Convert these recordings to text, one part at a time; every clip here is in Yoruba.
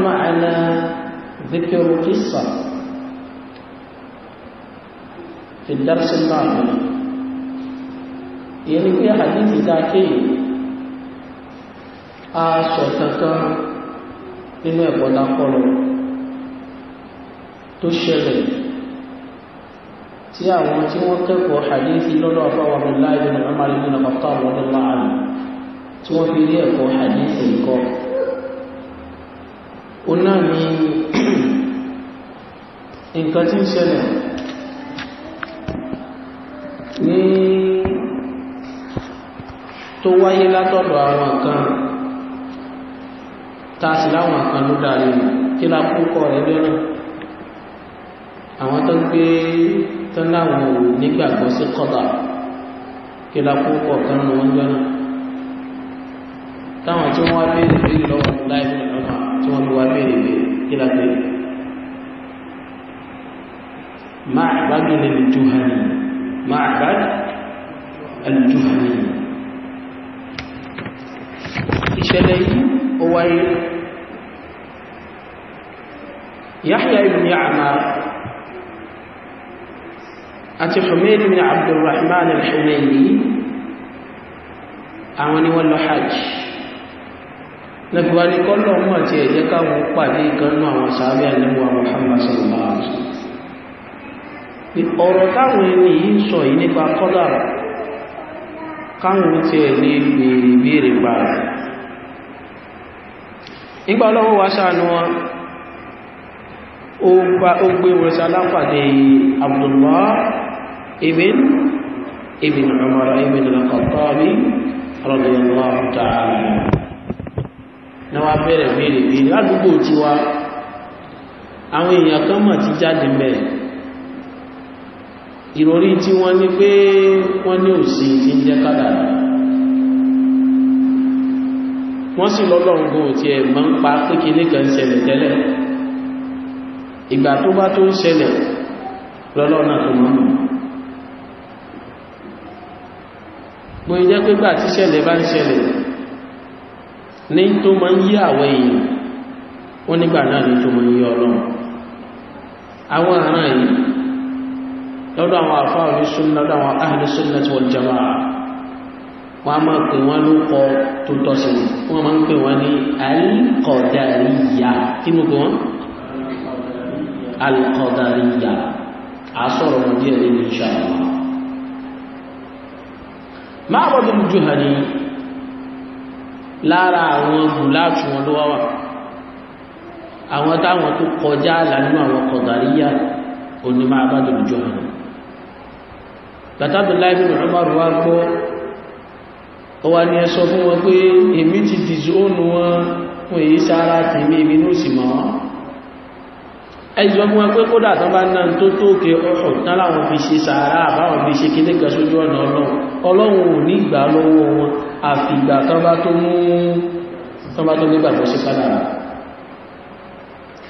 معنا ذكر قصة في الدرس الماضي يعني في حديث ذاكي أشتكى آه، من يقول أقول تشغل تيا وتيم وكيف حديث لولا فهو من لا يدري عمر بن الخطاب رضي الله عنه تيم في ليه حديث الكوفة ó náà ni nǹkan tí ń ṣẹlẹ̀ ní tó wáyé látọ̀dọ̀ àwọn kan tààsì láwọn kan ló darí kí lápúkọ̀ rẹ̀ lọ́nà àwọn tó gbé tán láwọn ò nígbàgbọ́ sí kọ́dà kí lápúkọ̀ kan lọ́nà táwọn tí wọ́n wá bèèrè lọ́wọ́ láìpẹ́ ọmọ tí wọ́n bí wá léèrè pé kí la pé معبد الجهني معبد الجهني ìṣẹ̀lẹ̀ yìí ó wáyé Yahya ibn Ya'mar àti Humayd ibn Abdurrahman al-Humayni àwọn ni wọ́n lọ hajj nàbí wa ní kọ́lọ̀ mú àti ẹ̀jẹ́ káwọn pàdé ganú àwọn sàábẹ́ àníwà Muhammad sallallahu alaihi wasallam ọ̀rọ̀ táwọn ẹni yìí sọ yìí nípa kọ́dàrà káwọn ti ẹ̀ lè béèrè béèrè gbàrà nígbà ọlọ́wọ́ wa ṣàánú wọn ó gbé wọn sálápàdé Abdullah ibn Umar ibn al-Khattabi radiyallahu ta'ala Na wá bẹ̀rẹ̀ béèrè béèrè ládùúgbò tiwa àwọn èèyàn kan mọ̀ ti jáde mẹ́ ìròrí tí wọ́n ní pé wọ́n ní òsì tí ń jẹ́ kádàrá wọ́n sì lọ́lọ́run gbò tí ẹ̀ mọ́ ń pa pé kan ṣẹlẹ̀ tẹ́lẹ̀ ìgbà tó bá tó ṣẹlẹ̀ lọ́lọ́nà tó mọ́ mọ́ mo pé gbà tíṣẹ̀lẹ̀ bá ń ṣẹlẹ̀ ní tó ma ń yí àwọ èèyàn ó nígbà náà ní tó ma ń yí ọlọ́run àwọn àrán yìí lọ́dọ̀ àwọn àfáà oníṣúnná lọ́dọ̀ àwọn ahlu sunnah wal jamaa wọ́n máa pè wọ́n ló kọ tó tọ́ sí wọ́n máa ń pè wọ́n ní alkọ̀dàríyà lára àwọn gùláàtù wọn ló wá wà àwọn táwọn tó kọjá lànà àwọn kọ̀dáríyà onímọ̀ abádòlùjọ́ hàn bàtàbí láìpẹ́ ìrọ̀mọ́rù wá gbọ́ ó wá ní ẹsọ fún wọn pé èmi ti dìzónù wọn fún èyí sára tèmi èmi ní òsì mọ́ ẹjọ́ fún wọn pé kódà tán bá náà tó tóókè ọ̀họ̀ tán láwọn fi ṣe sàárà àbáwọn fi ṣe kíníkà sójú ọ̀nà ọlọ́run ò ní ìgbà lọ́wọ́ wọn àfìgbà tọ́bá tó mú tọ́bá tó nígbàgbọ́ sí kádàrá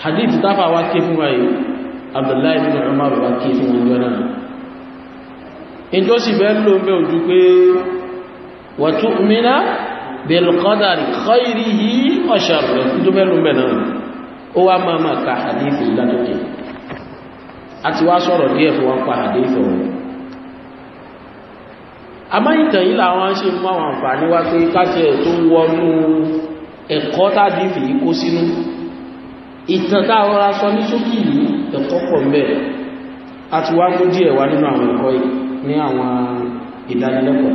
hadith táfà wá ké fún wáyé Abdullahi bin Umar wá ké fún wọn jọ́nà ìjọ́ sì bẹ́ẹ̀ ló mẹ́ ojú pé wa tu'mina bil qadari khayrihi wa sharrihi tó àmọ́ ìtàn yìí làwọn ṣe mú àwọn àǹfààní wá pé káṣẹ tó wọnú ẹ̀kọ́ tàbí fìyí kó sínú ìtàn táwọn ra sọ ní ṣókí yìí ẹ̀kọ́ pọ̀ mẹ́rẹ̀ a ti wá mú díẹ̀ wá nínú àwọn ẹ̀kọ́ ní àwọn ìdánilẹ́kọ̀ọ́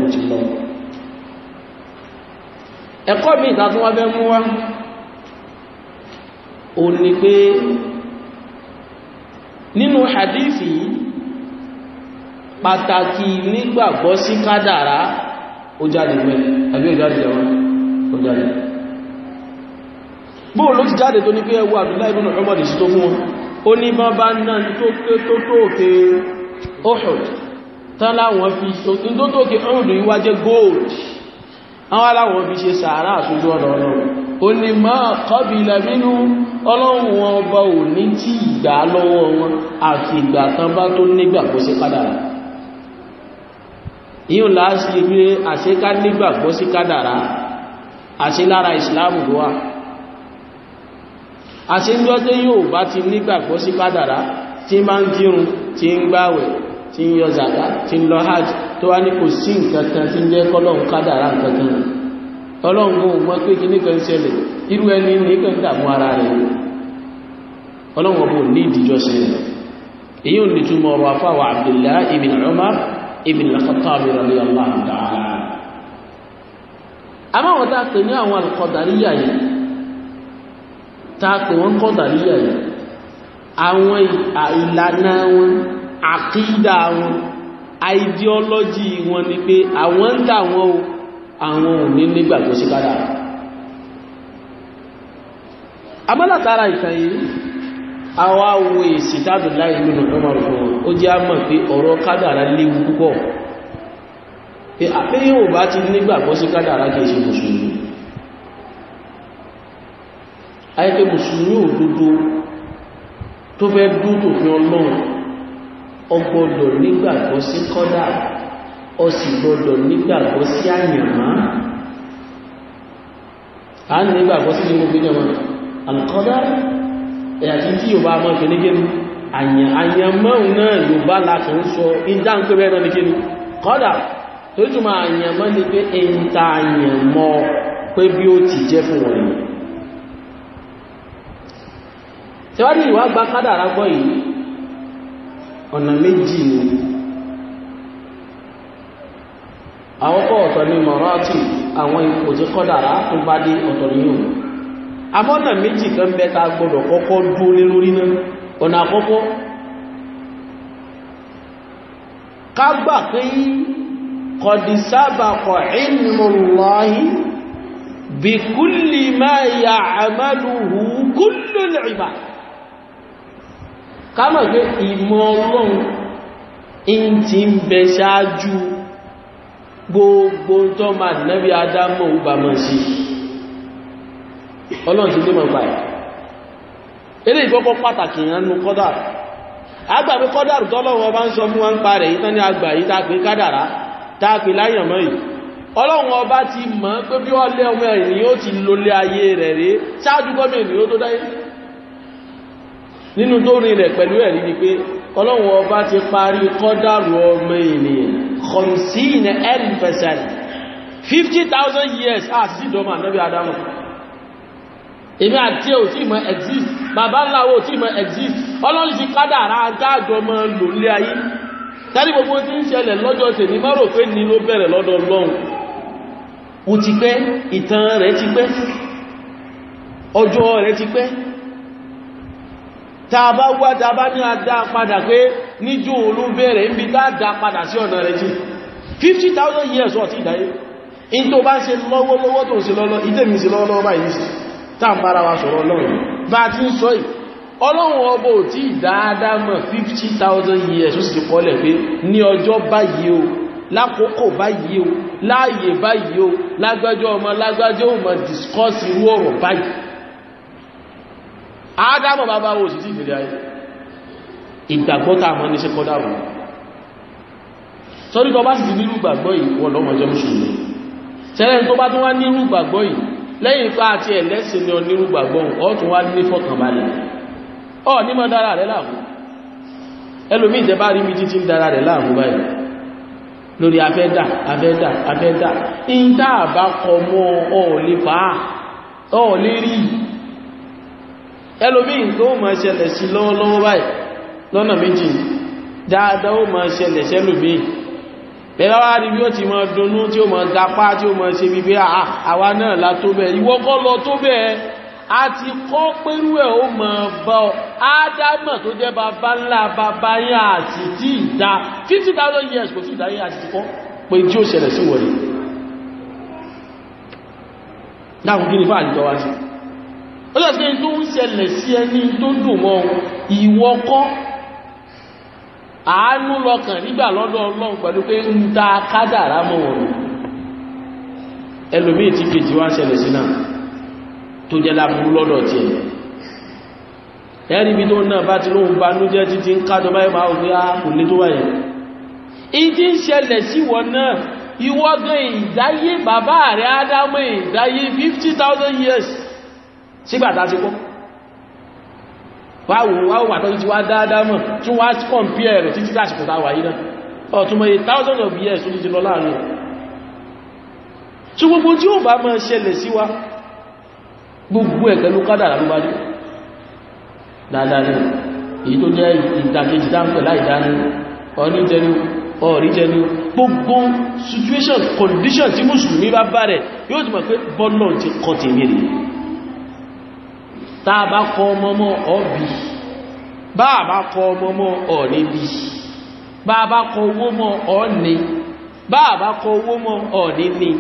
hadisi pàtàkì nígbàgbọ́ sí kádàrá ó jáde pẹ́ àbí ó jáde ẹ̀wọ́n ó jáde bóò ló ti jáde tó ní pé ẹwọ́ Abdullahi ibn Umar sí tó fún wọn ó ní bá bá náà tó tó òkè Uhud tán gold àwọn aláwọn fi ṣe sàárà àṣójú ọ̀nà ọlọ́run o ní máa qabila minhu ọlọ́run wọn ọba ò ní tí ìgbà lọ́wọ́ wọn àti ìgbà kan bá tó nígbàgbọ́ sí kádàrá yíò láásí pé àṣẹ ká nígbàgbọ́ sí kádàrá àṣẹ lára ìsìláàmù ló wà àṣẹ ń jọ́tẹ́ yóò bá ti nígbàgbọ́ sí kádàrá tí máa ń kírun tí ń gbáwẹ̀ tí ń yọ zàká tí ń lọ hajj tó wá ní kò sí nǹkankan tí ń jẹ́ kọ́lọ́hun Umar ibn al-Khattab radiyallahu ta'ala àmọ́ àwọn tá a pè ní àwọn al-Qadariyya yìí tá a pè wọ́n Qadariyya yìí àwọn ìlànà wọn àkídà ideology wọn ni pé àwọn ń dà wọn o àwọn ò ní nígbàgbọ́ sí kádàrá àmọ́ látara ìtàn àwa wo èsì tábì láì nínú ọmọrù fún wọn ó jẹ́ àmọ̀ pé ọ̀rọ̀ kádàrá léwu púpọ̀ pé àpéyìn ò bá ti nígbàgbọ́ sí kádàrá kìí ṣe mùsùlùmí ayẹ́kẹ́ mùsùlùmí òdodo tó fẹ́ dúdò fi ọlọ́run ọgbọ́dọ̀ nígbàgbọ́ sí kọ́dà ó sì gbọ́dọ̀ ẹ̀yàtí tí yóò bá mọ́ kìnnìkìnnì àyànmọ́hùn náà yóò bá lákàn sọ ìdá ń pẹ́rẹ́ náà kọ́dà tó túnmọ̀ àyànmọ́ ni pé èyí ta àyànmọ́ pé bí ó ti jẹ́ fún wọn ni amọ́nà méjì kan bẹta gbọdọ̀ kọ́kọ́ dúó lé lórí náà ọ̀nà àkọ́kọ́ ká gbà pé kọ̀dìsábàkọ̀ ilmùláhí bí kúlì máa yà àmàlùhù kúlù lẹ́rìbà ká mọ̀ pé ìmọ̀ ọlọ́run in ti ń bẹ ṣáájú gbogbo tó máa nábi adámọ̀ ọgbàmọ̀ sí i ọlọ́run ti nímọ̀ gbà ẹ̀ ilé ìkọ́kọ́ pàtàkì ìrànnú kọ́dàrù agbàmí kọ́dàrù tọ́lọ́wọ́ bá ń sọ fún wa ń pa rẹ̀ ìtàn ní agbà yìí tàbí kádàrá tàbí láyànmọ́ yìí ọlọ́run ọba ti mọ̀ pé bí wọ́n lé ọmọ ènìyàn ó ti lólé ayé rẹ̀ rí ni pé ọlọ́run ọba ti 50,000 years àti sí ìdọ́mà nẹ́bí adámọ̀ èmi àti ò tí mọ̀ exist bàbá ńlá wo tí mọ̀ exist ọlọ́run ti kádàrá dáàjọ mọ́ lò lé ayé tẹ́lẹ̀ gbogbo tí ń ṣẹlẹ̀ lọ́jọ́ tèmi má rò pé ni ló bẹ̀rẹ̀ lọ́dọ̀ ọlọ́run ó ti pẹ́ ìtàn rẹ̀ ti pẹ́ ọjọ́ rẹ̀ ti pẹ́ tá a bá wá tá a bá ní adá padà pé níjó olú bẹ̀rẹ̀ ń bi tá a dá padà sí ọ̀nà rẹ̀ jì 50,000 years ọ̀tí ìdáyé in tó bá ń ṣe lọ́wọ́lọ́wọ́ tó ń ṣe lọ́lọ́ ìtẹ́mi ṣe lọ́wọ́lọ́wọ́ báyìí tàbára wa sọ̀rọ̀ ọlọ́run bá ti ń sọ yìí ọlọ́run ọbọ̀ tí dáadáa mọ̀ 50,000 years ó sì ti kọ́lẹ̀ pé ní ọjọ́ báyìí o lákòókò báyìí o láàyè báyìí o lágbájọ́ ọmọ lágbájọ́ ọmọ discourse irú ọ̀rọ̀ báyìí ádámọ̀ bàbá wo sì ti ìfẹ̀lẹ̀ ayé ìgbàgbọ́ta àmọ́ ní sẹ́kọ́dá wọn sọ́rí tó bá sì ti nírú gbàgbọ́ yìí wọ́n lọ́mọ jẹ́ mùsùlùmí sẹ́lẹ̀ tó bá tún wá nírú gbàgbọ́ yìí lẹ́yìn pa àti ẹ̀lẹ́sìn ni onírúgbàgbọ́ ọ̀tún wá ní fọkànbalẹ̀ ọ̀ ní mọ́ dára rẹ̀ láàmú ẹlòmí ìtẹ́ bá rí mi títí ń dára rẹ̀ láàmú báyìí lórí afẹ́dà afẹ́dà afẹ́dà ìdá àbá kọ mọ́ ọ̀ọ̀lẹ́ fàá ọ̀ọ̀lẹ́ rí ẹlòmí tó mọ̀ ṣẹlẹ̀ sí lọ́wọ́lọ́wọ́ báyìí lọ́nà bẹ̀rẹ̀ wá rí bí ó ti mọ dunnú tí ó mọ gapá tí ó mọ ṣe bíbí ah, àwa náà la tó bẹ́ẹ̀ kọ́ lọ tó bẹ́ẹ̀ a ti kọ́ pẹ̀lú ẹ̀ ó mọ bọ́ ọ ádámọ̀ tó jẹ́ bàbá ńlá bàbá yẹn àti tí ìdá fifty thousand years kò tí ìdá yẹn àti ti kọ́ pé tí ó ṣẹlẹ̀ sí wọlé dáhùn kí ni fáàlì àánú lọkàn nígbà lọ́dọ̀ ọlọ́run pẹ̀lú pé ń ta kádàrá mọ́ wọn ẹlòmíì tí kejì wá ṣẹlẹ̀ sí náà tó jẹ́ láburú lọ́dọ̀ tiẹ̀ ẹ̀rí ibi tó náà bá ti lóhun banújẹ́ títí ń kájọ báyìí máa wọ́n á kò lé tó wáyé in ti ń ṣẹlẹ̀ sí wọ náà ìwọ́gán ìdáyé bàbá rẹ̀ ádámọ̀ ìdáyé 50,000 years sígbàtà ti kọ́ wáwò wáwò àtọ́jú ti wá dáadáa mọ̀ tún wá kọ̀mpíẹ̀ rẹ̀ títí tàṣìkò táwà yìí náà ọ̀túnmọ̀ yìí thousands of years tó ti lọ láàrin tí gbogbo tí ó bá mọ́ ṣẹlẹ̀ sí wa gbogbo ẹ̀kẹ́ ló kádà lárúwájú dáadáa èyí tó jẹ́ ìdàkejì dáńpẹ̀ láìdáni ọ̀rí jẹni ọ̀rí jẹni gbogbo situation condition tí mùsùlùmí bá bá rẹ̀ yóò ti mọ̀ pé bọ́ọ̀lọ́ ti kọ́ tèmi rèé tá a bá kọ ọmọ mọ́ ọ̀bì bá a bá kọ ọmọ mọ́ ọ̀ní bí bá a bá kọ owó mọ́ ọ̀ní bá a bá kọ owó mọ́ ọ̀ní ni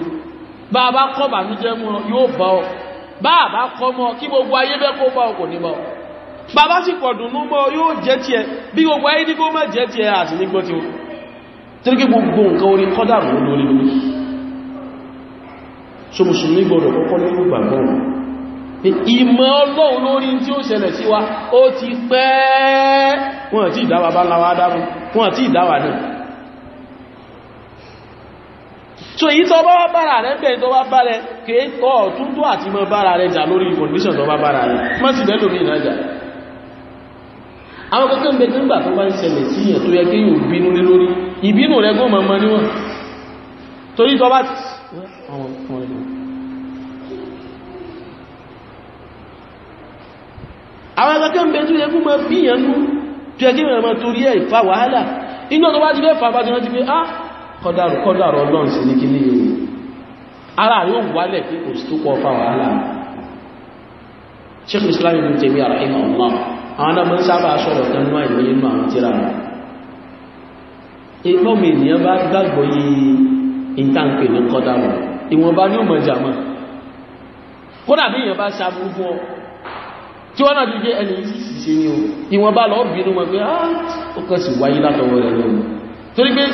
bá a bá kọ bànújẹ́ mọ́ yóò bá ọ bá a bá kọ mọ́ kí gbogbo ayé bẹ́ kó bá kò ní bá bàbá sì pọ̀ dùn mọ́ yóò jẹ́ tiẹ̀ bí gbogbo ayé ní má jẹ́ tiẹ̀ àti ní tí ó tíríkí gbogbo nǹkan orí kọ́dà mú lórí lórí so mùsùlùmí gbọ́dọ̀ kọ́kọ́ ní gbàgbọ́ ìmọ̀ ọlọ́run lórí tí ó ṣẹlẹ̀ sí wa ó ti pẹ́ wọ́n tí ìdáwà bá láwá dámú wọ́n tí ìdáwà náà so èyí tó bá wá bára rẹ̀ bẹ̀rẹ̀ tó bá bá rẹ̀ kìí tọ́ ọ̀tún tó àti mọ́ bára rẹ̀ jà lórí condition tó bá bára rẹ̀ mọ́ sí bẹ́ẹ̀ lórí ìnájà àwọn kankan bẹ tí ń gbà tó bá ń ṣẹlẹ̀ sí èyàn tó àwọn akẹ́kẹ́ ń bẹ tí ó mọ́ bíyànú tí ẹgbẹ́ ìrìn àmà torí ẹ̀ ìfà wàhálà iná tó bá ti lẹ́fà bá ti rántí pé ah kọ́dàrù kọ́dàrù ọlọ́run sí ní kí ní ìrìn ara yóò wálẹ̀ pé kò sí tó kọ́ fà wàhálà Sheikh Islam ibn Taymiyyah rahimahullah àwọn náà mọ́ sábà sọ̀rọ̀ dánú àìmọ́ inú àwọn tíra wọn ìgbọ́ mi ènìyàn bá gbàgbọ́ yí ìtànkè ní kọ́dàrù ìwọ̀nba ní òmọ̀jà mọ́ kódà bí èèyàn bá sábú fún ọ tí wọ́n náà ti jẹ́ ẹni ìṣẹ́ ni ohun ìwọ̀n bá lọ bínú wọn pé ah, ó kàn sí wáyé látọwọ́ rẹ̀ lọ́wọ́ torí pé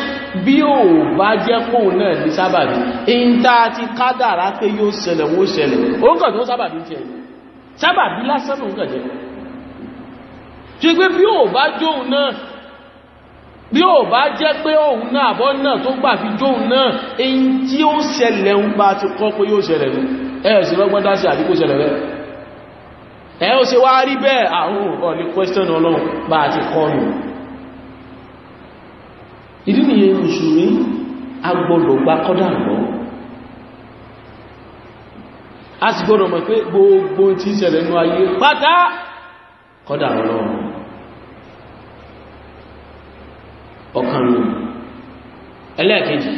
bí ò bá jẹ́ kóò náà ní sábàbí in tá a ti kádàrá pé yóò ṣẹlẹ̀ wó ṣẹlẹ̀ ó kàn tó sábàbí ti ẹ̀yìn sábàbí lásán ló kàn jẹ́ ẹ̀ẹ̀sì rọ́gbọ́n dá sí àdíkò ṣẹlẹ̀ rẹ̀ ẹ ó ṣe wá rí bẹ́ẹ̀ àwọn ọ̀lẹ́ question ọlọ́run bá àti kọlù ìdí nìyẹn mùsùlùmí agbọ́dọ̀ gba kọ́dà lọ a sì gbọ́dọ̀ mọ̀ pé gbogbo tí ń ṣẹlẹ̀ nú ayé pátá kọ́dà lọ́wọ́ ọkàn lò ẹlẹ́ẹ̀kejì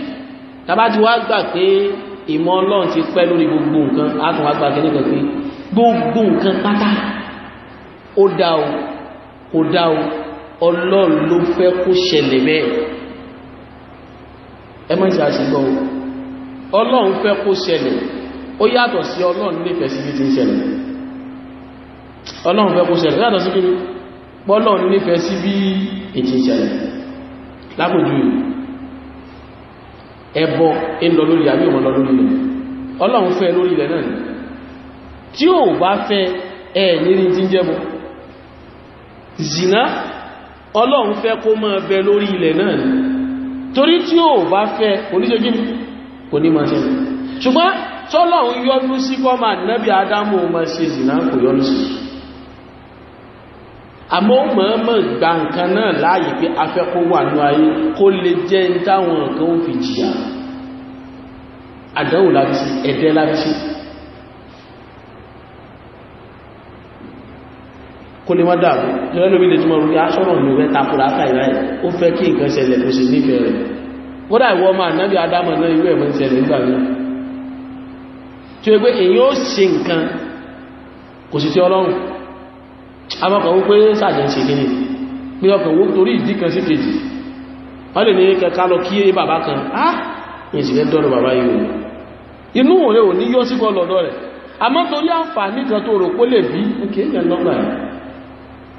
tàbá ti wá gbà pé ìmọ̀ ọlọ́run ti pẹ́ gbogbo nǹkan pátá ó dá o kò dá o ọlọ́run ló fẹ́ kó ṣẹlẹ̀ bẹ́ẹ̀ ẹ mọ́ ìṣe àṣìgbọ́ o ọlọ́run fẹ́ kó ṣẹlẹ̀ ó yàtọ̀ sí ọlọ́run nífẹ̀ẹ́ sí ti ń ṣẹlẹ̀ ọlọ́run fẹ́ kó ṣẹlẹ̀ yàtọ̀ sí kí ọlọ́run nífẹ̀ẹ́ sí bí ètì ìṣẹlẹ̀ lápòjú ẹbọ ń lọ lórí àbí òmọ lọ lórí ilẹ̀ ọlọ́run fẹ́ lórí ilẹ̀ náà tí ò bá fẹ́ ẹ̀ nírin tí ń jẹ́bọ̀ zina ọlọ́run fẹ́ kó máa bẹ lórí ilẹ̀ náà ni torí tí ò bá fẹ́ oníṣẹ́gí kò ní máa ṣẹlẹ̀ ṣùgbọ́n tọ́lọ́run yọ́nú sí kọ́mà nẹ́bí adámù ma ṣe zina kò yọ́nú sí àmọ́ mọ̀ọ́mọ̀ gba nǹkan náà láàyè pé afẹ́ kó wà ní ayé kó lè jẹ́ ń táwọn nǹkan ó fi jìyà àdánwò láti ẹ̀dẹ́ láti kó lè wọ́n dàbí lọ́lọ́bí lè túnmọ̀ rúgbé aṣọ́rọ̀ ah, ní ọ̀rẹ́ takùrà káìrá ẹ̀ ó fẹ́ kí nǹkan ṣẹlẹ̀ kó sì nífẹ̀ẹ́ rẹ̀ kódà ìwọ ọmọ ànábì adámọ̀ náà irú ẹ̀mọ́ ìṣẹ̀lẹ̀ nígbà náà tí ó gbé èyí ó ṣe nǹkan kò sì tí ọlọ́run amọ́kọ̀ wó pé sàjẹ́ ṣe kí ni pé ọkọ̀ wó torí ìdí kan sí kejì wọ́n lè ní kẹka lọ kí é bàbá kan á ah, ìṣẹ̀lẹ̀ dọ́rọ̀ bàbá yìí inú òun rẹ̀ ò ní yọ́ sí kọ́ lọ́dọ̀ rẹ̀ amọ́ torí àǹfààní kan tó rò pó lè bí ó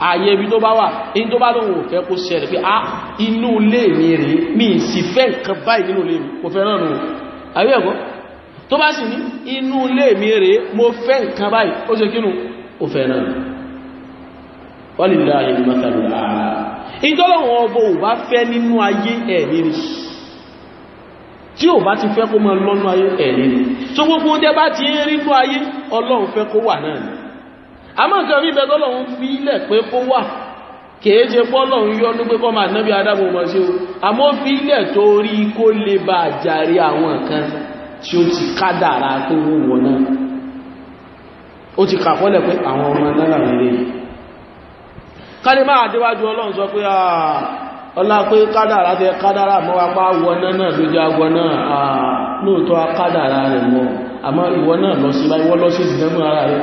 ààyè ibi tó bá wà in tó bá lóhun ò fẹ́ kó ṣẹlẹ̀ pé ah inú ilé mi rí mi sì fẹ́ nǹkan báyìí nínú ilé mi kò fẹ́ náà nù àbí ẹ̀kọ́ tó bá sì ní inú ilé mi rí mo fẹ́ nǹkan báyìí ó ṣe kínú ó fẹ́ náà wọ́n lè dá ẹni mọ́tàlù ààrẹ ìtọ́lọ́wọ́n ọbọ̀ ò bá fẹ́ nínú ayé ẹ̀ nínú tí ò bá ti fẹ́ kó máa lọ́nú ayé ẹ̀ nínú tó gbogbo tẹ́ bá ti ń rí a máa nǹkan rí ibẹ̀ tọ́lọ́run fi ilẹ̀ pé kó wà kìí ṣe pọ́lọ́run yọ ní pé kọ́ máa nábi adábò mọ́ sí o àmọ́ fi ilẹ̀ torí kó lè bá jàre àwọn kan tí ó ti kádàrá tó wù wọn náà ó ti kàkọ́lẹ̀ pé àwọn ọmọ náà rèé kálí máa àdéwájú ọlọ́run sọ pé ọlá pé kádàrá tẹ kádàrá ìwọ náà lọ sí ìwọ lọ sí ìdìdẹ́mú ara rẹ̀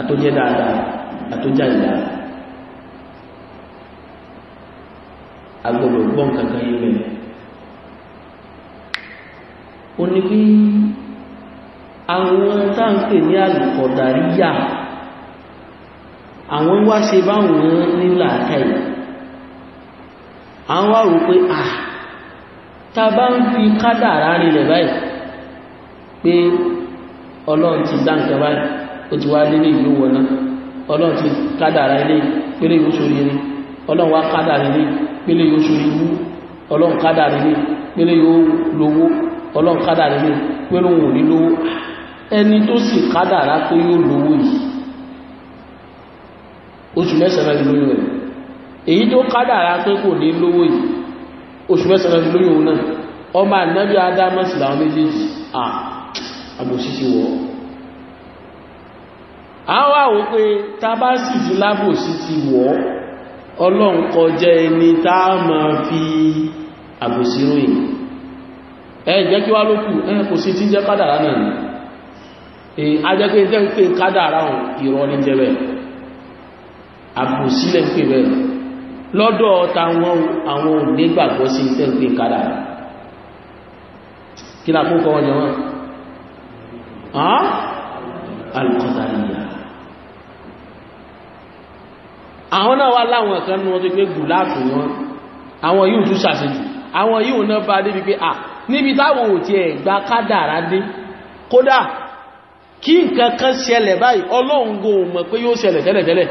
àtọ́jẹ́ dáadáa àtọ́já ìdá agbọ́dọ̀ gbọ́n kankan yìí rẹ̀ ó ní bí àwọn táǹkì ní àlùkọ̀dáríyà àwọn wá ṣe báwọn nílà àkàì àwọn wá rò pé à ta bá ń fi kádàrá rinlẹ̀ báyìí pé ọlọ́run ti dá báyìí ó ti wá lélé ìlú wọ̀ná ọlọ́run ti kádàrá ilé pélé yóò sórí ẹni ọlọ́run wá kádàrá ilé pélé yóò sórí ìlú ọlọ́run kádàrá ilé pélé yóò lówó ọlọ́run kádàrá ilé pélé òun ò ní lówó ẹni tó sì kádàrá pé yóò lówó yìí oṣù mẹ́sàn-án fi lóyún rẹ̀ èyí tó kádàrá pé kò ní lówó yìí oṣù mẹ́sàn-án fi lóyún náà ọmọ ànábì adámọ́sì làwọn méjèèjì à ti wọ̀ ọ́ a wá wò pé ta bá sì lábòsí ti wọ́ ọlọ́run kọjá ẹni tá a máa fi àbòsí ròyìn ẹ jẹ́ kí wá ló ẹ kò sí tí jẹ́ kádàrá náà ni a jẹ́ pé jẹ́ pé kádàrá ọ̀hún irọ́ ní jẹ́ bẹ́ẹ̀ àbòsí lẹ́ pè bẹ́ẹ̀ lọ́dọ̀ táwọn àwọn onígbàgbọ́ sí tẹ́ pé kádàrá kí lápò kọ́ wọn jẹ́ wọn alùkọ́tàríyà àwọn náà wá láwọn kan ní wọ́n tó pé gùláàpù wọn àwọn yíò tún sàṣejù àwọn yíò náà bá débi pé à níbi táwọn ò ti ẹ̀gbà kádàrá dé kódà kí nǹkan kan ṣẹlẹ̀ báyìí ọlọ́run go mọ̀ pé yóò ṣẹlẹ̀ tẹ́lẹ̀tẹ́lẹ̀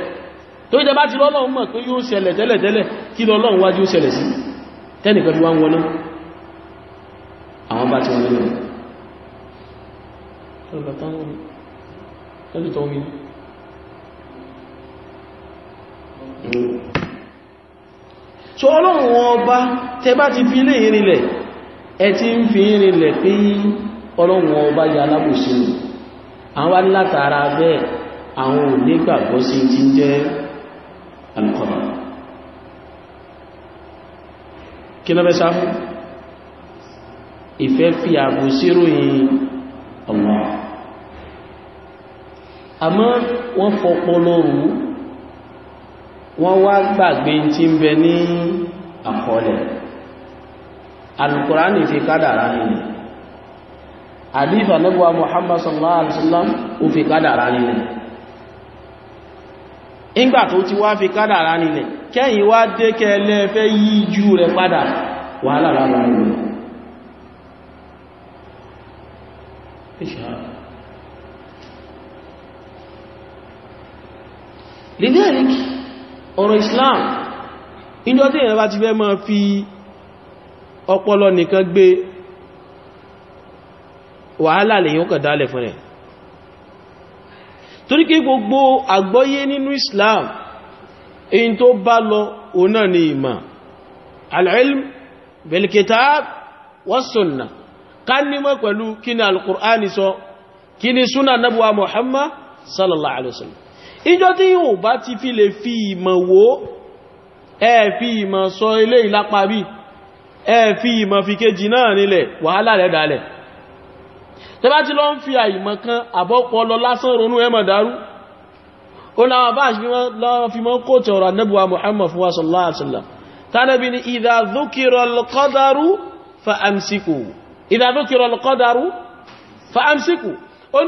tó jẹ bá ti lọ́lọ́run mọ̀ pé yóò ṣẹlẹ̀ tẹ́lẹ̀tẹ́lẹ̀ kí lọ́lọ́run wájú ó ṣẹlẹ̀ sí tẹ́nìkan bí wá ń wọná àwọn bá ti wọlé lọ so ọlọ́run ọba tẹ ti fi ilé ìrìnlẹ̀ ẹ ti ń fi ìrìnlẹ̀ pé ọlọ́run ọba ya alábòsí ni àwọn látara bẹ́ẹ̀ àwọn ò nígbàgbọ́ sí ti ń jẹ́ alùkọ̀nà kí lọ́bẹ̀ sáfún ìfẹ́ fi àbò síròyìn ọmọ àmọ́ wọ́n fọpọlọ wọ́n wá gbàgbé tí ń bẹ ní àkọọ́lẹ̀ alukùránì fi kádàrá nílẹ̀ àdífà lọ́gbà mohamed sallallahu alaihi wasallam ó fi kádàrá nílẹ̀ ìgbà tó ti wá fi kádàrá nílẹ̀ kẹ́yìn wá dékẹ́ lẹ́fẹ́ yí ju rẹ̀ padà wàhálà ọ̀rọ̀ Islam injọ́ tí èyàn bá ti fẹ́ máa fi ọpọlọ nìkan gbé wàhálà lèyàn kàn dálẹ̀ fún rẹ̀ torí kí gbogbo àgbọ́yé nínú Islam èyí tó bá lọ òun náà ni ìmọ̀ al-ilm bil ká nímọ̀ pẹ̀lú kí ni al sọ kí ni súnà nabuwa Muhammad sallallahu alaihi wasallam ìjọ tí yíò bá ti fi lè fi ìmọ̀ wò ẹ fi ìmọ̀ sọ ilé ìlápá bí ẹ fi ìmọ̀ fi kejì náà nílẹ̀ wàhálà rẹ̀ dálẹ̀ tẹbá ti lọ ń fi àìmọ̀ kan àbọ́pọ̀ lọ lásán ronú ẹmọ̀ dárú ó láwọn bá ṣe Muhammad wa sallallahu alaihi wasallam tánàbí ni idha dhukira al-qadaru fa amsiku idha dhukira al-qadaru fa amsiku wọ́n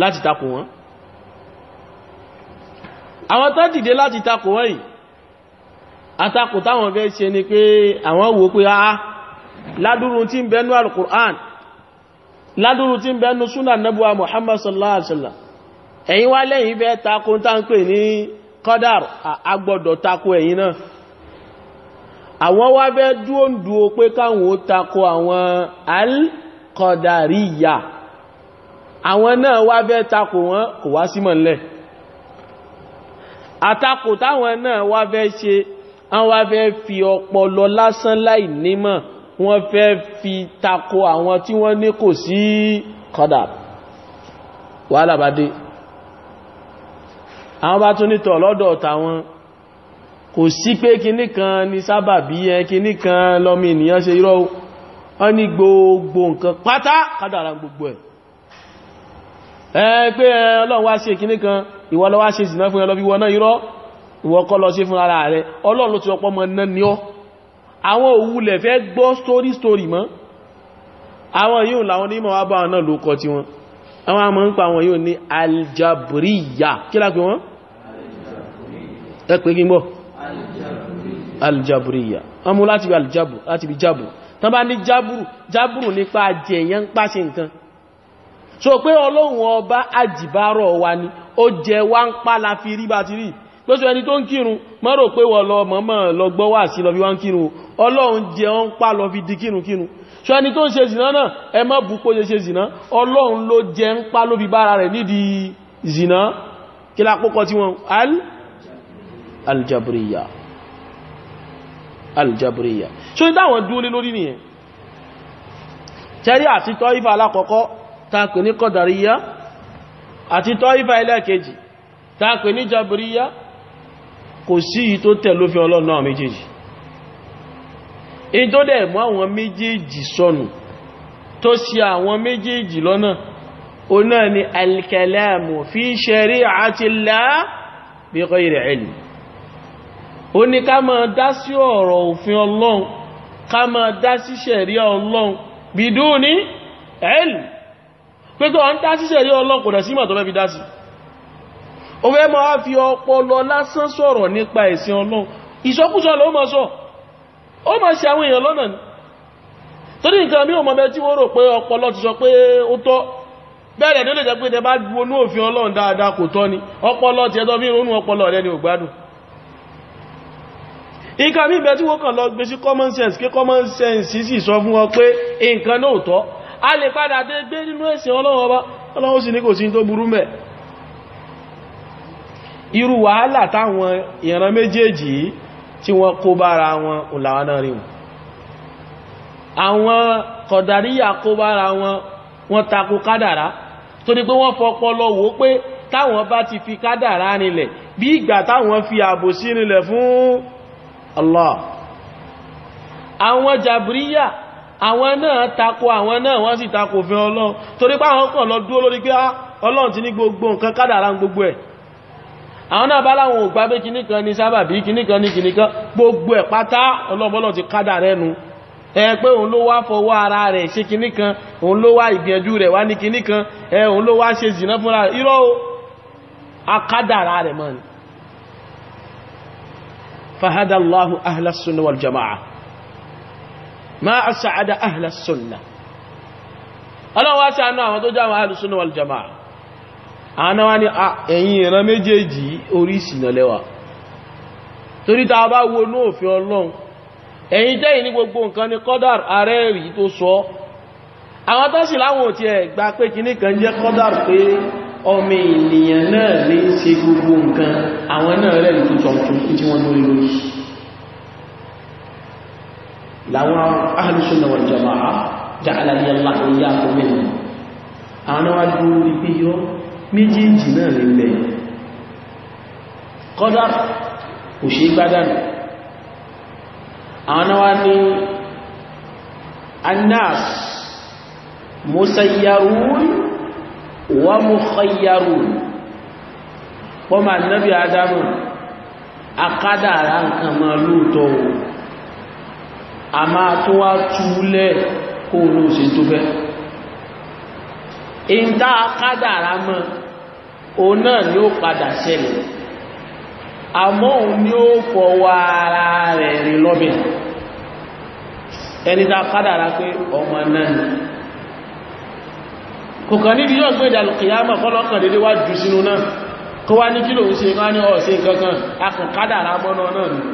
láti takò wọ́n àwọn tó dìde láti takò wọ́n yìí àtakò táwọn fẹ́ ṣe ni pé àwọn wò pé a ládúrú tí ń bẹnu al-Qur'an ládúrú tí ń bẹnu súnà nẹ́bùwa Muhammad sallallahu alaihi wasallam ẹ̀yin wá lẹ́yìn fẹ́ takò tá ń pè ní kọ́dàr agbọ́dọ̀ takò ẹ̀yin náà àwọn wá fẹ́ dúó ń dúó pé káwọn takò àwọn al-Qadariyah àwọn náà wá fẹ́ takò wọn kò wá símọ̀ ńlẹ̀ àtakò táwọn náà wá fẹ́ ṣe wọ́n wá fẹ́ fi ọpọlọ lásán láì nímọ̀ wọ́n fẹ́ fi takò àwọn tí wọ́n ní kò sí kọ́dà wàhálà bá dé àwọn bá tún nítọ̀ lọ́dọ̀ tàwọn kò sí pé kinní kan ni sábà bí ẹ kinní kan lọ́mọ ènìyàn ṣe irọ́ wọ́n ní gbogbo nǹkan pátá kádàrá gbogbo ẹ̀ pé ọlọ́run wá ṣe kinní kan ìwọ lọ wá ṣe ìsìnà fún ẹlọ́bí wọ́n náà irọ́ ìwọ kọ́ lọ ṣe fún ara rẹ̀ ọlọ́run ló ti ọpọ́ mọ́ náà ní ọ́ àwọn òwúlẹ̀ fẹ́ gbọ́ story story mọ́ àwọn yíò làwọn onímọ̀ wá bá náà ló kọ ti wọn àwọn àmọ́ ń pa wọn yíò ní aljabriya kí lápẹ́ wọn ẹ pé kí n bọ̀ aljabriya ọmọ láti bí jabu tán bá ní jaburu jaburu so pé ọlọ́run ọba àjìbárọ̀ wa ni ó jẹ wá ń pa la fi rí bá ti rí pẹ́sọ ẹni tó ń kírun mọ́rò pé wọ́n lọ mọ́mọ́ lọ gbọ́ wà sí lọ fi wá ń kírun ọlọ́run jẹ ń pa lọ fi di kírun kírun so ẹni tó ń ṣe zìná náà ẹ má bú kó ṣe zìná ọlọ́run ló jẹ ń pa ló bára rẹ̀ nídìí zìná kí lápókọ tí wọn al aljabriya aljabriya so ní táwọn dúró lé lórí nìyẹn tẹ́rí àti tọ́ tàpẹ̀ ní kọ̀dàríyá àti tọ́ífà ẹlẹ́ẹ̀kejì tàpẹ̀ ní jàbìríyá kò sí yìí tó tẹ̀ lófin ọlọ́run náà méjèèjì in tó dẹ̀ mú àwọn méjèèjì sọnù tó sí àwọn méjèèjì lọ́nà o ni alkalamu fi shari'atillah bi ghayri ilm o ní ká pé tó ń dásíṣẹ́ rí ọlọ́pọ̀dà sí ìmọ̀ tó fẹ́ fi dásí o fẹ́ máa fi ọpọlọ lásán sọ̀rọ̀ nípa ẹ̀sìn ọlọ́run ìsọkúsọ ma sọ o ma ṣe àwọn èèyàn lọ́nà ní torí nǹkan mí o mọ̀ bẹ tí wọ́n rò pé ọpọlọ ti sọ pé ó tọ́ bẹ́ẹ̀ tó lè jẹ́ pé tẹ bá gbónú òfin ọlọ́run dáadáa kò tọ́ ni ọpọlọ ti ẹjọ́ bí ọpọlọ rẹ ni ò gbádùn nǹkan mí tí wọ́n kàn lọ common sense kí common sense sọ fún pé nǹkan náà tọ́ a lè padà dé gbé nínú ẹ̀sìn ọlọ́run ọba ọlọ́run sì ní kò sí tó burú mẹ́ irú wàhálà táwọn ìran méjèèjì tí wọ́n kó bára wọn òlàwọ́n náà rí wọn àwọn kọ̀dàríyà kó bára wọn wọ́n tako kádàrá tó ní pé wọ́n fọpọlọ wò pé táwọn bá ti fi kádàrá nílẹ̀ bí ìgbà táwọn fi àbòsí nílẹ̀ fún Allah àwọn jàbríyà àwọn náà tako àwọn náà wọ́n sì tako òfin ọlọ́run torí pé àwọn kàn lọ dúró lórí pé ah, ọlọ́run ti ní gbogbo nǹkan kádàrá gbogbo ẹ̀ àwọn náà bá láwọn ò gbà pé kinní kan ní sábàbí kinní kan ní kinní gbogbo ẹ̀ pátá ọlọ́bọ́lọ́ ti jama'a máa sàádà ahla sunna ọlọ́run wá ṣàánú àwọn tó jáwọn ahlu sunna wal jamaa àwọn náà wá ah, ní ẹ̀yìn ìran méjèèjì orí ìsìnà lẹ́wà torí ta bá wo ní òfin ọlọ́run ẹ̀yìn jẹ́yìn ní gbogbo nǹkan ni kọ́dàr ààrẹ rí tó sọ àwọn tó sì láwọn òtí ẹ̀ gba pé kinní kan jẹ́ kọ́dàr pé ọmọ ènìyàn náà lè ṣe gbogbo nǹkan àwọn náà rẹ̀ tó sọ tí wọ́n lórí lórí làwọn ahlu sunna wal jamaa'ah ja'alani Allah wa iyyakum minhum àwọn wá dúró rí pé yọ méjèèjì náà ní bẹ̀ kọ́dá kò ṣe gbádànù àwọn wá ní annas musayyarun wa mukhayyarun wọ́n ma nábi adamu akádàrá nǹkan ma lóòtọ́ ohun a máa tó wá túlẹ̀ kó ló ṣe tó fẹ́ in tá a kádàrá mọ́ òun náà ni ó padà ṣẹlẹ̀ àmọ́ òun ni ó fọwọ́ ara rẹ̀ rìn lọ́bẹ̀ ẹni tá a kádàrá pé ọmọ náà ni kò kàn níbi yóò gbé ìdàlùkìyàmọ̀ fọ́lọ́kàn dédé wá sínú náà kó wá ní kí lòun ṣe máa ní ọ̀sẹ̀ kankan akùnkádàrá mọ́nà náà ni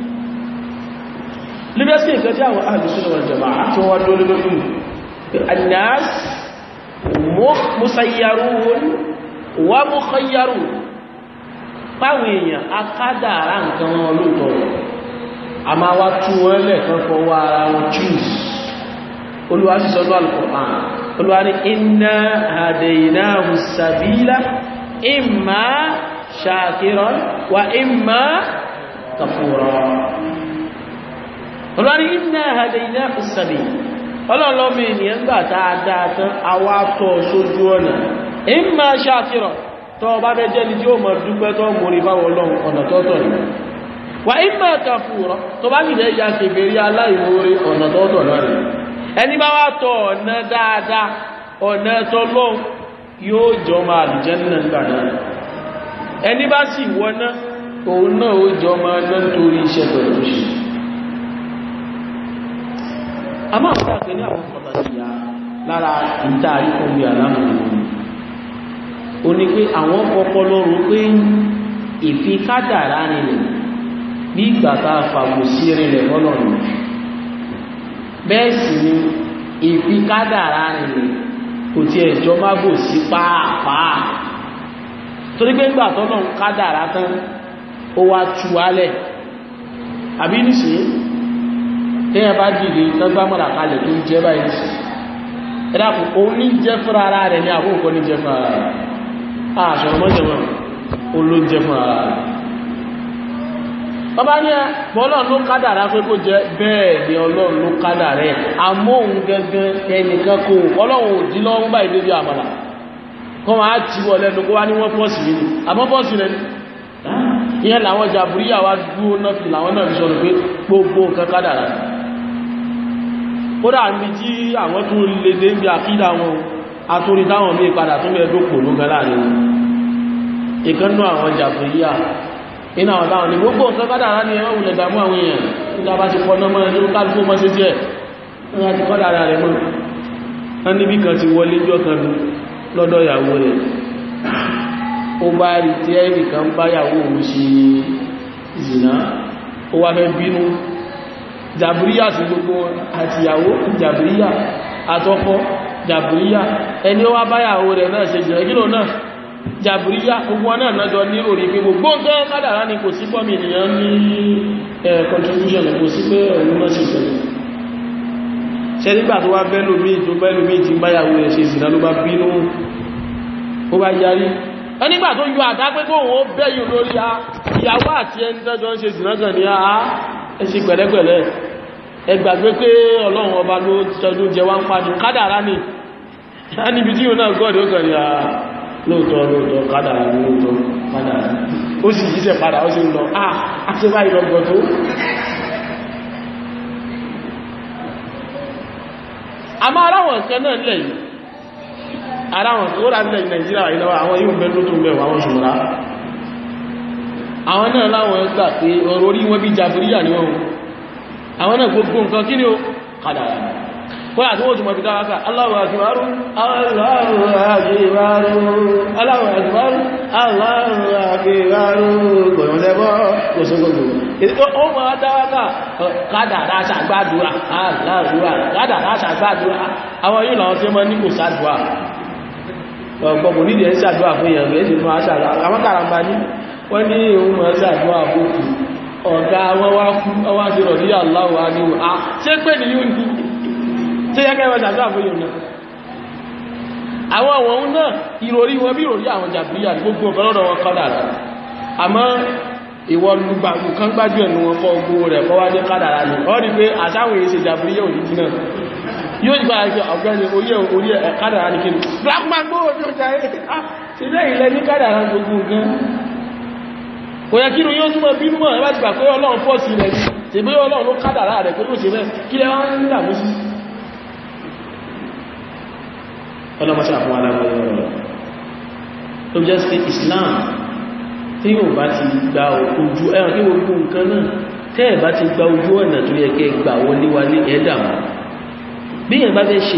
libyaski nǹkan tí àwọn ahlus-sunnah wal jamā'ah tí wọ́n dole lórí an-nās musayyarun wa mukhayyarun páwọn èèyàn akádàrá nǹkan wọn lóòtọ́ a máa wá tú wọn lẹ́ẹ̀kan fọwọ́ ara wọn choose olúwa sì sọ́nà al olúwa ní inna hadaynahu as-sabīla imma wa imma kafura olórí iná àdéhìnà ìsàbí ọlọ́ọ̀lọ́mọ ènìyàn gbà dáadáa tán àwa tọ̀ sójú ọ̀nà ìmọ̀ ṣàfihàn tọ́ ọba bẹ jẹ́ni tí ó mọ̀ dúpẹ́ tọ́ mórí báwọ̀ ọlọ́run ọ̀nà tọ́tọ̀ ni wà ìmọ̀ kàfùrọ̀ tó bá nìyẹn ya kèbèrè aláìmoore ọ̀nà tọ́tọ̀ náà ni ẹni bá wá tọ̀ ọ̀nà dáadáa ọ̀nà tọ́lọ́run yóò jọ máa lùjẹ́ ẹni bá sì wọná òun náà ó jọ máa lọ́ nítorí iṣẹ́ pẹ̀lú a máa fún àgbẹ̀ ní àwọn pàtàkì yá lára ìta àríkọ̀wé aláàmúlò ó ní pé àwọn kọ́kọ́ lọ́rùn pé ìfi kádàrá nílẹ̀ bí ìgbà tá a fàbò sí rinlẹ̀ lọ́nà nù bẹ́ẹ̀ sì ni ìfi kádàrá nílẹ̀ kò tiẹ̀ jọ má bò sí pàápàá torí pé ńgbà tọ́nà kádàrá tán ó wá tu wálẹ̀ àbí téèyàn bá dìde tọ́gbàmọ̀lá kalẹ̀ tó ń jẹ́ báyìí ẹ̀dàkùn òun ní jẹ́ fún ara rẹ̀ ní àkókò ní jẹ́ fún ara rẹ̀ àṣọ̀rọ̀mọ́jẹ̀mọ́ olóúnjẹ fún ara rẹ̀ ní ló kádàrá pé kó jẹ bẹ́ẹ̀ ni ọlọ́run ló gẹ́gẹ́ ẹnìkan kò ọlọ́run lọ́wọ́ àmàlà kọ́ máa ti wọ ní ìyẹn làwọn jàbúrí dúró gbogbo nǹkan kódà ní tí àwọn tó lè dé bí àkídà wọn atórí táwọn mí padà tó mẹ́ dókò ló gan láàrin wọn ìkannú àwọn jàpọ̀ yíyà iná àwọn táwọn ní gbogbo nǹkan kádà rá ní ẹwọ́n wùlẹ̀ dàmú àwọn èèyàn nígbà bá ti kọ́ náà mọ́ ní kálukú mọ́ jàbúríyà sí gbogbo àtìyàwó jàbúríyà àtọ́kọ́ jàbúríyà ẹni wá báyàwó rẹ̀ náà ṣe jẹ́ gílò náà jàbúríyà gbogbo náà náà jọ ní orí pé gbogbo nǹkan kádàrá ni kò sí fọ́mì ènìyàn ní contribution kò sí pé ẹ̀rù náà ṣe ṣẹlẹ̀ ṣe nígbà tó wá bẹ́lòmí tó bẹ́lòmí ti báyàwó rẹ̀ ṣe ìsìnà ló bá bínú ó bá yarí ẹnigbà tó yọ àdá pé kóhùn ó bẹ́yìn lórí ìyàwó àti ẹni tọ́jọ́ ń ṣe ìsìnà kan ní àá ẹ sì pẹ̀lẹ́pẹ̀lẹ́ ẹ gbàgbé pé ọlọ́run ọba ló tọdún jẹ wá ń pa ní kádàrá ni a níbi tí yóò náà gọ́ọ̀dì ó kàn ní à ah, lóòtọ́ lóòtọ́ kádàrá lóòtọ́ kádàrá ó sì yíṣẹ́ padà ó sì ń lọ à ah, á ti wá ìlọgbọ̀ tó a máa ráwọn kan náà nílẹ̀ yìí aráwọn tó rà nílẹ̀ Nàìjíríà ìlọ́wọ́ àwọn yóò bẹ́ àwọn náà láwọn ẹgbà pé ọ̀rọ̀ orí wọn bí jàbúríyà ní ọ̀run àwọn náà gbogbo nǹkan kí ni ó kádàrá kọ́lá tí wọ́n tún mọ̀ bí dáwàkà Allahu akbar Allahu akbar Allahu akbar Allahu akbar gbọ̀yọ̀lẹ́bọ́ lọ́sọ́gbọ̀gbọ̀ ó mọ̀ dáwàkà kádàrá ṣàgbádùá aláàrúwà kádàrá ṣàgbádùá àwọn yóò làwọn tí ó mọ́ ní kò sádùá wọ́n ní ohun mọ̀ sàdúwà àbókù ọ̀gá wọn wá fún ọwá sí rọ̀ níyà aláwọ̀ aníwò a ṣe pé ní yóò ní ṣe yẹ́ kẹwàá sàdúwà àbóyò náà àwọn àwọn ohun náà ìròrí wọn bí ìròrí àwọn jàbíyà gbogbo ọ̀gọ́lọ́dọ̀ wọn kádàrà àmọ́ ìwọ gbogbo kan gbájú ẹ̀nu wọn fọ́ ogun rẹ̀ fọ́wá ní kádàrà ní ọ́ rí pé àtàwọn èsè jàbíyà òjijì náà yóò gbà ẹgbẹ́ ọ̀gbẹ́ni orí orí kádàrà ní kí ni black man gbóòrò ah, ní ọjà ẹ̀ ṣe lẹ́yìn lẹ́yìn kádàrà gbogbo gan kò yẹ kí yóò túnmọ̀ bínú mọ̀ ẹ̀bá ti gbà pé ọlọ́run pọ̀ sí ilẹ̀ yìí tí bí ọlọ́run ló kádàrá rẹ̀ pé ló ṣe mẹ́ kí lẹ́wà ń dàmú sí ọlọ́mọṣà fún aláwọ̀ tó Islam tí yóò bá ti gba ojú ẹran kí gbogbo nǹkan náà tẹ́ ẹ̀ bá ti gba ojú ọ̀nà tó yẹ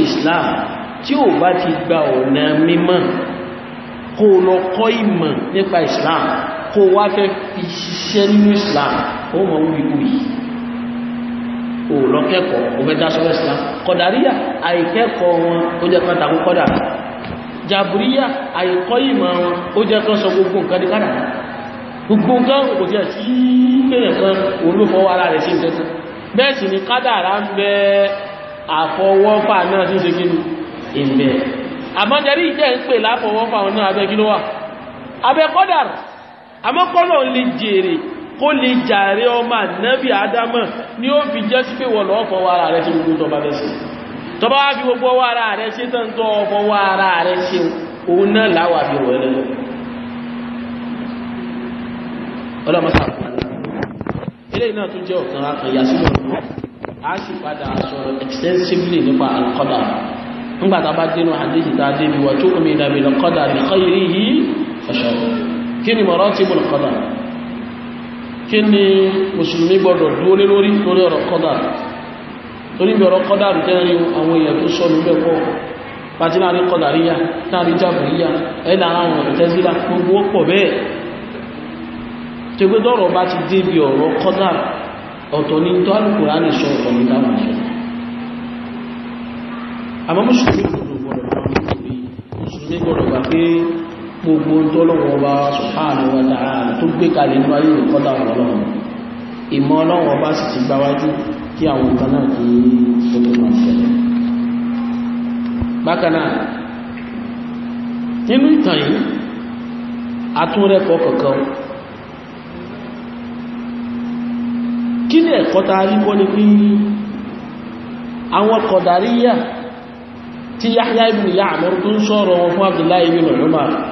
Islam tí ò bá ti gba ọ̀nà mímọ́ lọ kọ́ ìmọ̀ nípa Islam kó wá fẹ́ fi ṣiṣẹ́ nínú islam ó mọ̀ wúri wúri ò lọ kẹ́kọ̀ọ́ ó fẹ́ dá sọ́rọ̀ islam kọ̀dàríyà àìkẹ́kọ̀ọ́ wọn ó jẹ́ kan tàkó kọ́dà jàbùríyà àìkọ́ ìmọ̀ wọn ó jẹ́ kan sọ gbogbo nǹkan ní kádà gbogbo nǹkan kò jẹ́ sí ni kádàrá ń bẹ àfọwọ́fà náà tí ó ṣe kí ni ìbẹ̀ àmọ́jẹ́rí ìjẹ́ ń àmọ́kọ́lọ̀ lè jèrè kó lè jàre ọmọ ànábì àdámọ̀ ní ó fi jẹ́ sí pé wọ́n lọ́ fọwọ́ ara rẹ̀ ṣe gbogbo tọba rẹ̀ ṣe tọba wá fi gbogbo ọwọ́ ara rẹ̀ ṣe tán tọ́ fọwọ́ ara rẹ̀ ṣe òun náà láwà fi wọ̀ ẹlẹ́lẹ́ ọlọ́mọsàkùn eléyìí náà tún jẹ́ ọ̀kan akànyà sínú ọ̀rọ̀ a sì padà sọ̀rọ̀ extensively nípa alqada nígbà tá a bá dénú àdéhìí tá a débi wà tó omi ìdàbí lọ́kọ́dà bi khayrihi kí ni maratibul qada kí ni mùsùlùmí gbọdọ̀ dúó lé lórí lórí ọ̀rọ̀ qada torí bí ọ̀rọ̀ qada tẹ́rin àwọn èèyàn tó sọ lórí ẹ̀kọ́ pàtí láàrin qadariya láàrin jàbìríyà ẹ̀là àwọn ìtẹ́sílá gbogbo pọ̀ bẹ́ẹ̀ tẹgbẹ́ dọ́rọ̀ bá ti dé bí ọ̀rọ̀ qada ọ̀tọ̀ ní tó al pé gbogbo tọ́lọ́wọ́ bá subhanahu wa ta'ala tó gbé kalẹ̀ ní wáyé ìkọ́ta ọlọ́run ìmọ̀ ọlọ́wọ́ bá sì ti gbáwájú kí àwọn nǹkan náà kí ó tó máa ma nínú ìtàn yìí atúnrẹ́kọ̀ọ́ kọ̀ọ̀kan kí ní ẹ̀kọ́ ta rí àwọn kọ̀dàríyà tí tó ń sọ̀rọ̀ wọn fún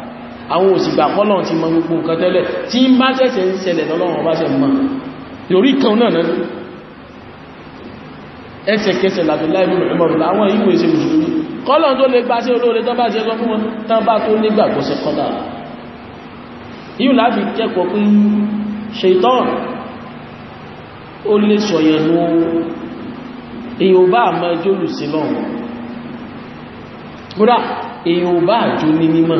àwọn òsìgbà pọ́lọ̀n ti mọ gbogbo nǹkan tẹ́lẹ̀ tí ń bá ṣẹ̀ṣẹ̀ ń ṣẹlẹ̀ lọ́lọ́run bá ṣẹ̀ mọ́ lórí kan náà náà ẹsẹ̀kẹsẹ̀ làbíláì bí mọ̀rún láwọn ìwé ìṣẹ́ mùsùlùmí kọ́lọ̀n tó lè gbá sí olóore tán bá ṣe sọ fún wọn tán bá tó nígbàgbọ́ sí kọ́lá yíò láti kẹ́kọ̀ọ́ pé ṣètọ́n ó lè sọ̀yẹ̀nú èyàn bá àmọ́ ẹjọ́ olùsílọ́run kódà èyàn bá àjò ní mímọ̀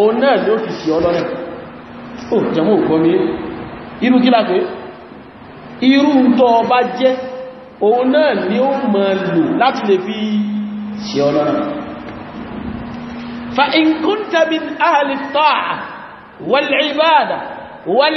òun náà ló fi sí ọlọ́nà ó jẹmọ́ ògbọ́mí irú kí lápé irú tó bá jẹ́ òun náà ni ó mọ̀ lò láti lè fi sí ọlọ́nà fa in kunta min ahli ta'a wal ibada wal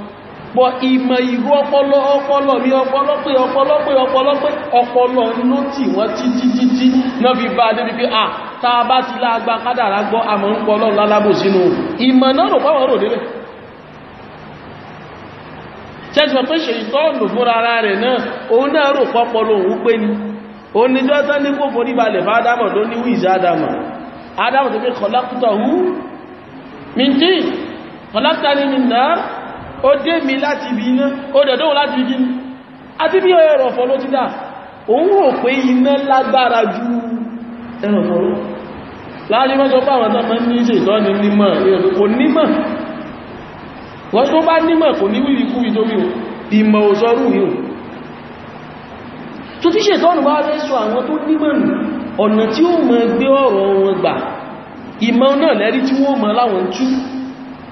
pọ̀ ìmọ̀ ìrú ọpọlọ ọpọlọ ní ọpọlọ pé ọpọlọ pé ọpọlọ pé ọpọlọ ló tì wọ́n títí títí náà fi bá débi pé à tàà bá ti láàgbà kádàrá gbọ́ àmọ́ ń pọ̀ lọ́n lálábò sínú ìmọ̀ náà rò pàwọn rò délẹ̀ tẹ́sùmọ̀ pé ṣe ìtọ́ọ̀nù fúnra ara rẹ̀ náà òun náà rò pọ́pọlọ òun pé ni òun ni jọ́sán ní kò forí balẹ̀ fún Ádámọ̀ tó ní ó dé mi láti ibi iná ó dẹ̀dọ́ láti ibi iná àti bí ẹ̀rọ ọ̀fọ́lọ́ ti dá òun rò pé iná lágbára ju ẹ̀rọ ọ̀fọ́lọ́ láàrin mọ́ sọ pé àwọn tán máa ń ní ṣe ìtọ́ni nímọ̀ kò nímọ̀ wọ́n tó bá nímọ̀ kò ní sọ àwọn tó nímọ̀ ọ̀nà tí ó mọ̀ gbé ọ̀rọ̀ wọn gbà ìmọ̀ náà lẹ́rí tí wọ́n mọ̀ láwọn tú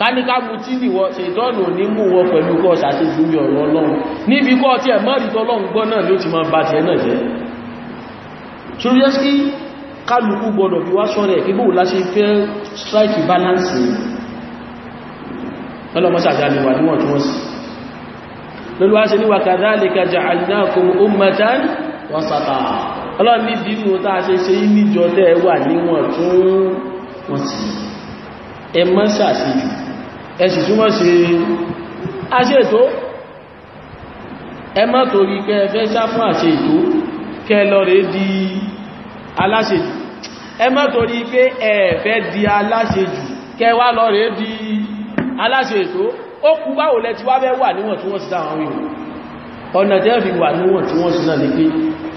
káníká mu tí nìwọ ṣètọ́nù ní mú wọ pẹ̀lú kọ́ ṣàṣejú ní ọ̀rọ̀ ọlọ́run níbi kọ́ tí ẹ̀ mọ́rìtọ́ ọlọ́run gbọ́ náà ló ti máa bá ti ẹ̀nà jẹ́ ṣúrúyẹ́sí kálukú gbọdọ̀ bí wá ṣọ́rẹ̀ kí bóò láṣe fẹ́ strike balance ọlọ́mọ́sàjálẹ̀wà níwọ̀ntúnwọ̀nsì lọ́lọ́wọ́ ṣe ní wa kadhalika ja'alnakum ummatan wasata ọlọ́run ní bí mú tàà ṣe ṣe níjọ ẹ̀sì túnmọ̀ sí àṣẹ ètò ẹ má torí pé ẹ fẹ́ sá fún àṣẹ ètò kẹ lọ rẹ̀ di aláṣejù ẹ má torí pé ẹ fẹ́ di aláṣejù kẹ wá lọ rẹ̀ di aláṣẹ ètò ó kú báwo lẹ ti wá fẹ́ wà níwọ̀n tí wọ́n ti dáwọn wíwọ̀ ọ̀nà tẹ́ fi wà níwọ̀n tí wọ́n ti náà lè pé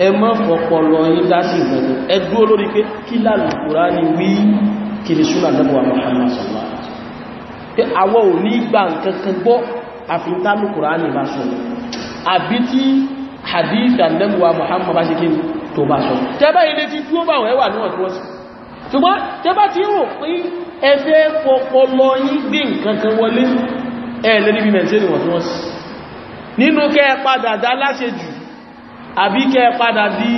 ẹ má fọpọlọ yín dásí ìgbẹ̀gbẹ̀ ẹ dúró lórí pé kí lálùkùrá ni wí kìrìsúnà pé àwọn ò ní gbà nǹkankan gbọ́ àfintánù kùránì bá sọ àbí tí hadith àdẹ́gbà Muhammad bá ṣe kí tó bá sọ tẹ́bá ilé tí tí ó bá wẹ́wà ní ọ̀tíwọ́sí ṣùgbọ́n tẹ́bá tí rò pé ẹfẹ́ pọpọlọ yí gbé nǹkankan wọlé ẹ̀lẹ́ níbi mẹ́tẹ́rì wọ̀tíwọ́sí nínú kẹ́ padà dá láṣẹ jù àbí kẹ́ padà di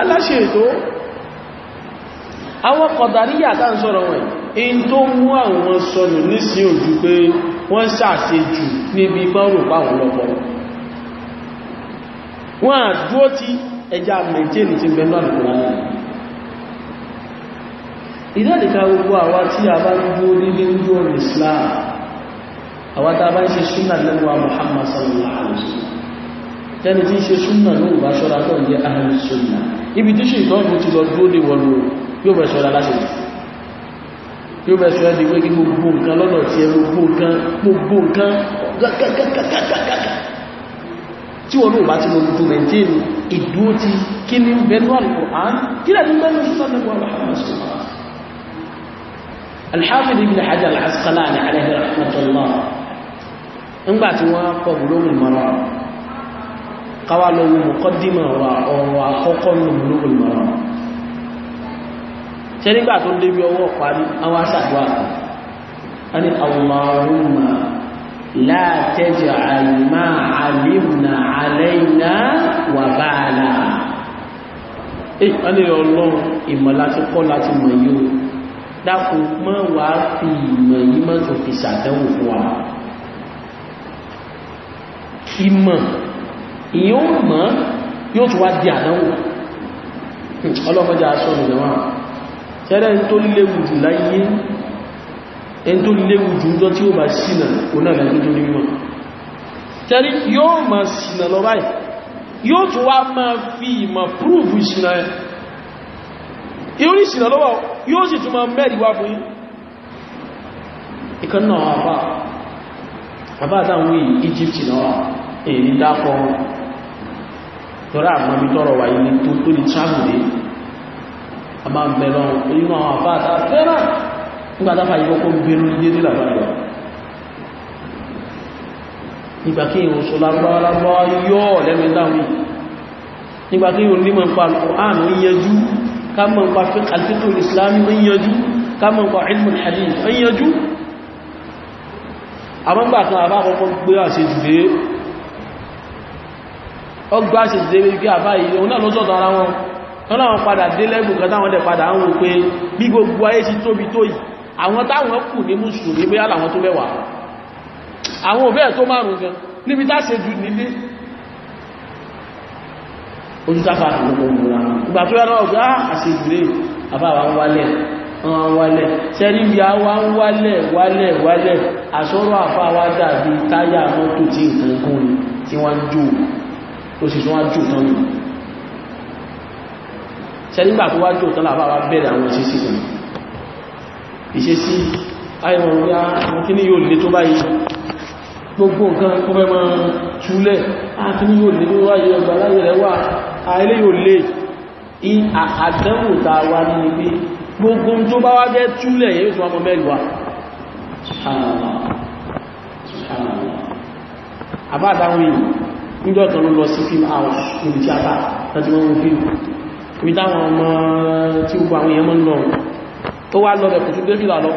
aláṣẹ ètò àwọn kọ̀dàríyà tá ń sọ̀rọ̀ wọ̀nyí in tó mú àwọn sọnù nísí ojú pé wọ́n sàṣe jù níbi mọ́rùn páwọn lọ́pọ̀ wọ́n àdúró tí ẹja mẹ́jẹ́ni ti bẹ ìdádìká gbogbo àwa tí a bá ń dúó nílé ojú ọ̀rọ̀ Islam àwa tá a bá ń ṣe súnà lẹ́wọ́ Muhammad alaihi wasallam tẹ́ni tí ń ṣe súnà ní òbá ṣọ́ra tó ń jẹ́ ahàrí súnà ibi tí ṣe ìtọ́jú ti lọ dúó lè wọlú yóò bẹ̀ ṣọ́ra láti yóò bẹ̀ sọ́rọ̀ dígbé kí gbogbo nǹkan lọ́nà tí ẹ gbogbo nǹkan gbogbo nǹkan gàgàgàgàgàgà tí wọ́n ló bá ti mọ̀ tó maintain ìdúró ti kí ní bẹ̀rù al-Qur'an kí lẹ́nu mẹ́rin sọ́nàwó al-Hafidh ibn Hajar al-Asqalani alayhi rahmatullah ńgbà tí wọ́n kọ Bulughul Maram káwà lọ́wọ́ ṣe nígbà tó lé bí ọwọ́ parí àwọn aṣàdúrà a ní Allahumma la taj'al ma 'alimna 'alayna wa bala ẹ̀ a ní ọlọ́run ìmọ̀ láti kọ́ láti mọ̀ yóò dákun mọ́ wà fi ìmọ̀ yí mọ́ tó fi ṣàtẹ́wò fún wa ìmọ̀ ìyẹn ó ṣẹ́rẹ́ tó léwu jù láyé ẹni tó léwu jù jọ tí ó bá sínà onáàlẹ́ni tó níwọ̀n tẹ́rí yóò máa sínà lọ báyìí yóò tún wá máa fi ìmọ̀ púrùfù sínà ẹ̀ ìorí sínà lọ́wọ́ yóò sì tún máa mẹ́rin wá fún ìkan náà àbá àbá àtàwọn Egypt náà èyí dákọ̀ tọ́rọ àmọ́bí tọ́rọ wáyé tó tó ní a máa ń bẹ lọ inú àwọn àfáàtà fẹ́ràn nígbàtàfà ìkọ́kọ́ gbẹ̀rù ilé ní làbáyọ̀ nígbàkí ìwọ̀n sọ lágbàlágbà yọ́ lẹ́mẹ́dáwì nígbàkí ìwọ̀n ní mọ̀ǹpa al-Qur'an ń yẹjú ká mọ̀ǹpa al-fiqh al-islami ń yẹjú ká mọ̀ǹpa ilmu al-hadith ń yẹjú àmọ́gbà kan àbá àkọ́kọ́ gbé àṣejùdé ọgbà àṣejùdé bí i àbá yìí òun náà lọ́sọ̀tọ̀ ara wọn tọ́láwọn padà dé lẹ́gbùn kan táwọn dẹ̀ padà ń wò pé bí gbogbo ayé sí tóbi tó yìí àwọn táwọn kù ní mùsùlùmí bí aláwọn tó mẹ́wàá àwọn òbẹ́ tó márùn gan níbi táṣe jù nílé ojútafà àwọn ọmọ tí wọ́n jù tó sì tún wá jù tán nìí sẹ́nígbà tó wá jò tánlà bá bẹ̀rẹ̀ àwọn ìṣẹ́sí kan ìṣẹ́sí ayẹ̀wọ̀n ya àwọn kí ní yóò lè tó báyìí gbogbo nǹkan kó fẹ́ mọ́ túlẹ̀ àkíní yóò lè tó wáyé ọgbà láyé rẹ̀ wà àílé yóò lè àdánwò ta wá ní ní pé gbogbo tó bá wá jẹ́ túlẹ̀ yóò tó wá mọ́ mẹ́lúwà àbá àdáwọn yìí ń jọ́ tọ́lú lọ sí fíìmù àwọn ìrìtíátà láti wọ́n fíìmù ibi táwọn ọmọ tí gbogbo àwọn èèyàn mọ́ ń lọ ó wá lọ bẹ̀kù tó gbé fìlà lọ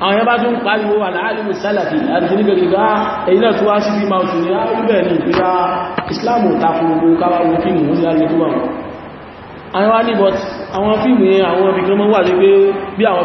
àwọn èèyàn bá tún pariwo wà láàrin sálàfì àti nígbẹ̀gbẹ̀gbà èyí náà tó bí máa tún ní àrúbẹ̀ ní ìpínlá islam ta àwọn wá ní bọ́t àwọn fíìmù yẹn àwọn wà ní pé bí àwọn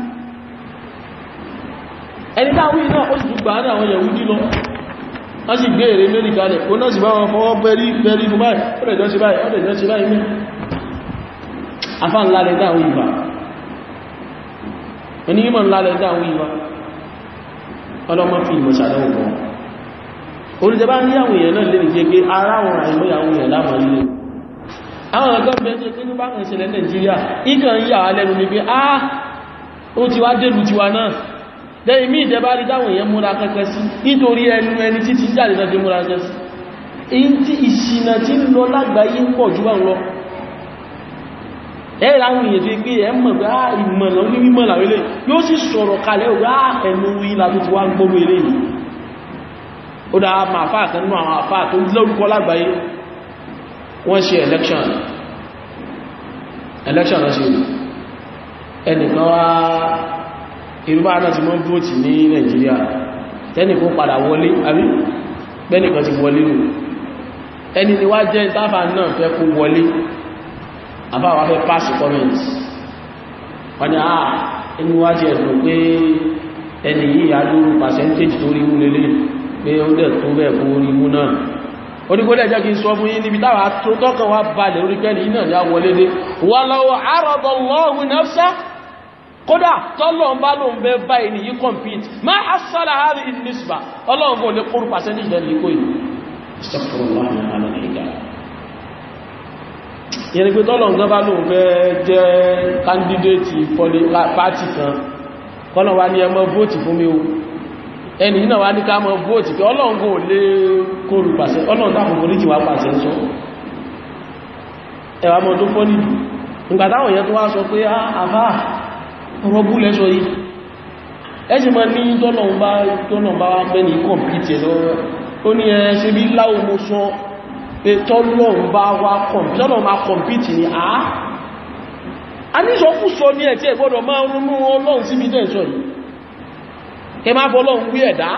ẹni táwí náà ó sì tún gbà náà àwọn yẹ̀wú nílọ wọ́n sì gbé èrè méjì kalẹ̀ ó náà sì bá wọn fọwọ́ bẹ́rí bẹ́rí fún báyìí ó lè jọ sí báyìí ó lè fi ìmọ̀ sàdánwò bọ́ olùjẹba ní àwọn èèyàn ara wọn àìmọ́ àwọn èèyàn láàmà nílé àwọn ọ̀gọ́ bẹ́ẹ̀ tó kí ní bá ń ṣẹlẹ̀ Nàìjíríà ìkàn yà á lẹ́nu ni pé ah ó ti wá délù tiwa náà lẹ́yìn mí ìjẹba rí dáwọn èèyàn múra kẹ́kẹ́ sí nítorí ẹnu ẹni tí ti jáde lọ́dí múra kẹ́kẹ́ sí èyí tí ìṣìnà tí ń lọ lágbàáyé ń pọ̀ jù báwọn lọ ẹ̀rà àwọn èèyàn tó gbé ẹmọ̀ pé á ah, ìmọ̀nà ní mímọ̀ làwẹ́lẹ́ yóò sì sọ̀rọ̀ kalẹ̀ wá ah, ẹnu ìlà tó ti wá ń gbọ́rọ̀ ilé yìí ó dá ma àfáà kan nú àwọn àfáà tó lórúkọ lágbàáyé wọ́n ṣe election election lọ́sẹ̀ ẹnìkan wá ìrúbá náà ti mọ́ vóòtì ní Nàìjíríà tẹ́nìkan padà wọlé àbí bẹ́nìkan ti wọlé nù ẹni ni wá jẹ́ ìtafà náà fẹ́ kó wọlé àbáwà fẹ́ pass comment wọ́n ni àà ah, inú wá jẹ́ ẹ̀sùn pé ẹni yìí adúrú percentage tó rí mú lélé pé ó dẹ̀ tó bẹ̀ kó rí mú náà onígbódẹ̀ jẹ́ kí n sọ fún yín níbi táwà tó tọ́kàn wá balẹ̀ orí pẹ́lú iná ni a wọlé dé wà lọ́wọ́ àrọ̀bọ̀ lọ́hùn náà kódà tọ́lọ̀n bá lóun bẹ yí compete ma a sọ́lá àárí ìdínisba ọlọ́run bó lè kórù percentage lẹ́nu ikú yìí yẹni pé tọ́lọ̀n gan bá lóun bẹ jẹ́ candidate party kan kọ́nà fún mi o ẹni náà wá ní ká mọ vóòtì pé ọlọ́run kò lè kórù percentage ọlọ́run dákùn kò ní jìwà percentage sọ mọ́ tó fọ́ tó wá sọ pé ah, àbá ọ̀rọ̀ bú lẹ́ṣọ́ yìí ẹ́sì ma ní tọ́nàmbá mẹ́ni kọ̀mpítì lọ́rọ̀ ó ní ẹ̀ṣẹ́ bí láò mo sọ pé tọ́nàmbá wá kọ̀mpítì ní àá a ní sọ fún sọ ní ẹ̀tí ẹ̀gbọ́dọ̀ máa rúnú ọlọ́run síbi dẹ́ sọ yìí kẹ máa fọ́lọ́run wí ẹ̀dá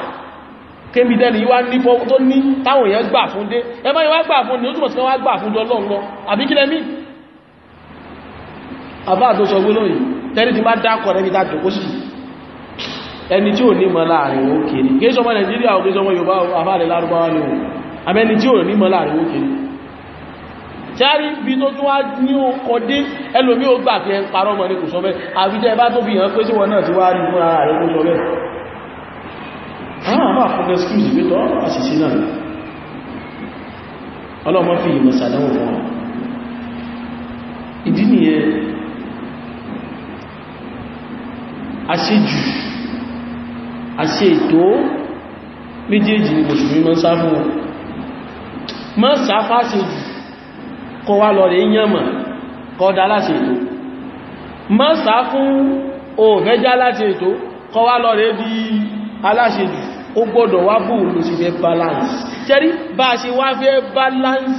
kébí dẹ́ni yíwá ní tó ní táwọn èèyàn gbà fún dé ẹmọ́ yíwá gbà fún ní ó túnmọ̀ sí wá gbà fún jọ lọ́nà àbíkílẹ́mí àbá àtọ́sọgbólóyìn tẹ́lì ti bá dákọ̀ rẹ̀ níta jòkó sí ẹni tí ò ní mọ̀ láàrin òkè ní kí sọmọ Nàìjíríà òkè sọmọ Yorùbá afáàlẹ̀ lárúbáwá ní òun àmẹ́ni tí ò ní mọ̀ láàrin òkè ní sáré bí tó tún wá ní ọkọ̀ dé ẹlòmí ó gbà fi ẹ parọ́ mọ́ ní kò sọ bẹ́ẹ̀ àbíjẹ́ bá tó fi hàn pé sí wọn náà ti wá rí fún ara rẹ̀ kó sọ bẹ́ẹ̀ àwọn àmà fún excuse pé tọ́ àṣìṣe náà ọlọ́mọ fi ìmọ̀ sàdánwò fún ọ ìdí nìyẹn àṣejù àṣe ètò méjèèjì ni mùsùlùmí máa ń sá fún wọn ma sáfá ṣe jù kọ wá lọ rẹ̀ yánmà kọ dá láti ètò ma sá fún òfẹ́já láti ètò kọ wá lọ rẹ̀ bí aláṣejù ó gbọ́dọ̀ wá bóò ló sì fẹ́ balance tẹ́rí bá fẹ́ balance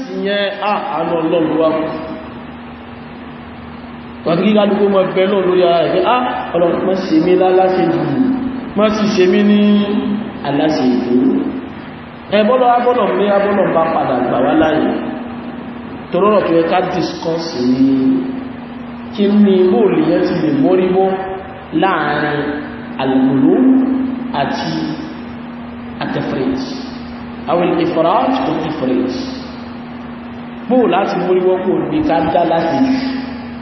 wọ́n tí kálùkú mọ̀ bẹ̀ ah ọlọ́run mọ́ mi láláṣẹ jù mọ́ sí ṣe mí ní aláṣẹ ìlú ẹbọ́lọ́ abọ́lọ̀ ní abọ́lọ̀ bá padà gbà wá láyé torọ́rọ̀ tó ẹka discuss ní kí ní bóòlù yẹn ti lè mọ́ríwọ́ láàrin alùgbòló àti àtẹ̀fẹ̀rẹ̀jì àwọn ìfọ̀rọ̀ àti ìfọ̀rẹ̀jì bóòlù láti mọ́ríwọ́ kò ní ká dá láti jù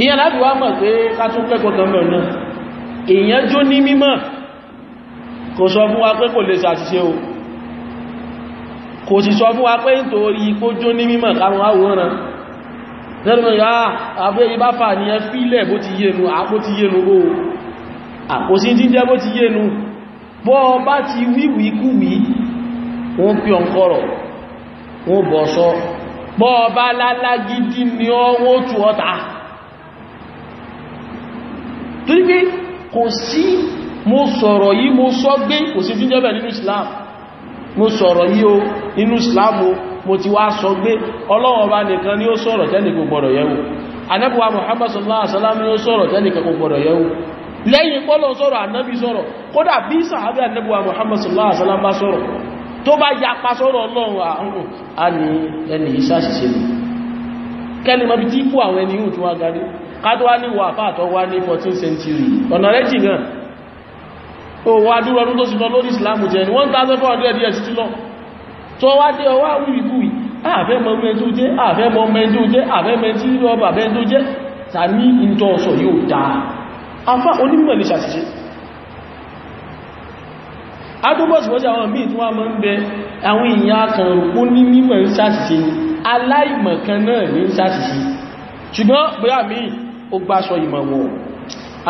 ìyẹn láti wá mọ̀ pé ká tún kẹ́kọ̀ọ́ kan mẹ́rin náà èèyàn jó ní mímọ̀ kò sọ fún wa pé kò lè ṣàṣìṣe o kò sì sọ fún wa pé nítorí ipò jó ní mímọ̀ káwọn àwòrán lẹ́nu ya ah, àbẹ́ ibá fà ní ẹ fílẹ̀ bó ti yénu àpó ti wọ́n bọ̀ sọ bọ́ lálá gidi ni ọwọ́ tù ọta torí pé kò sí mo sọ̀rọ̀ yìí mo sọ gbé kò sí fíjẹ́bẹ̀ nínú Islam mo sọ̀rọ̀ yìí o inú Islam o mo ti wá sọ gbé Ọba nìkan ni ó sọ̀rọ̀ tẹ́lẹ̀ kò gbọ́dọ̀ yẹ̀wò Ànábì Muhammad sallallahu alaihi wasallam ni ó sọ̀rọ̀ tẹ́lẹ̀ kò gbọ́dọ̀ yẹ̀wò sallallahu kádọ́wà ní wà fàtọ̀ wá ní 14th century ọ̀nà rẹ̀ jì náà o wà dúró ọdún tó sì lọ lórí Islam jẹ́ ní 1400 years tí lọ tó wá dé ọwá wíwíkúwì àfẹ́ mọ́ mẹ́tú jẹ́ àfẹ́ mọ́ mẹ́tú jẹ́ àfẹ́ mẹ́tí ọba mẹ́tú jẹ́ ta ní ìjọ ọ̀sọ̀ yóò dáa afá onímọ̀ ní ṣàṣìṣe adúgbọ́sùwọ́sí àwọn míì tí wọ́n mọ́ ń bẹ àwọn èèyàn ó bá sọ ìmọ̀ wọ̀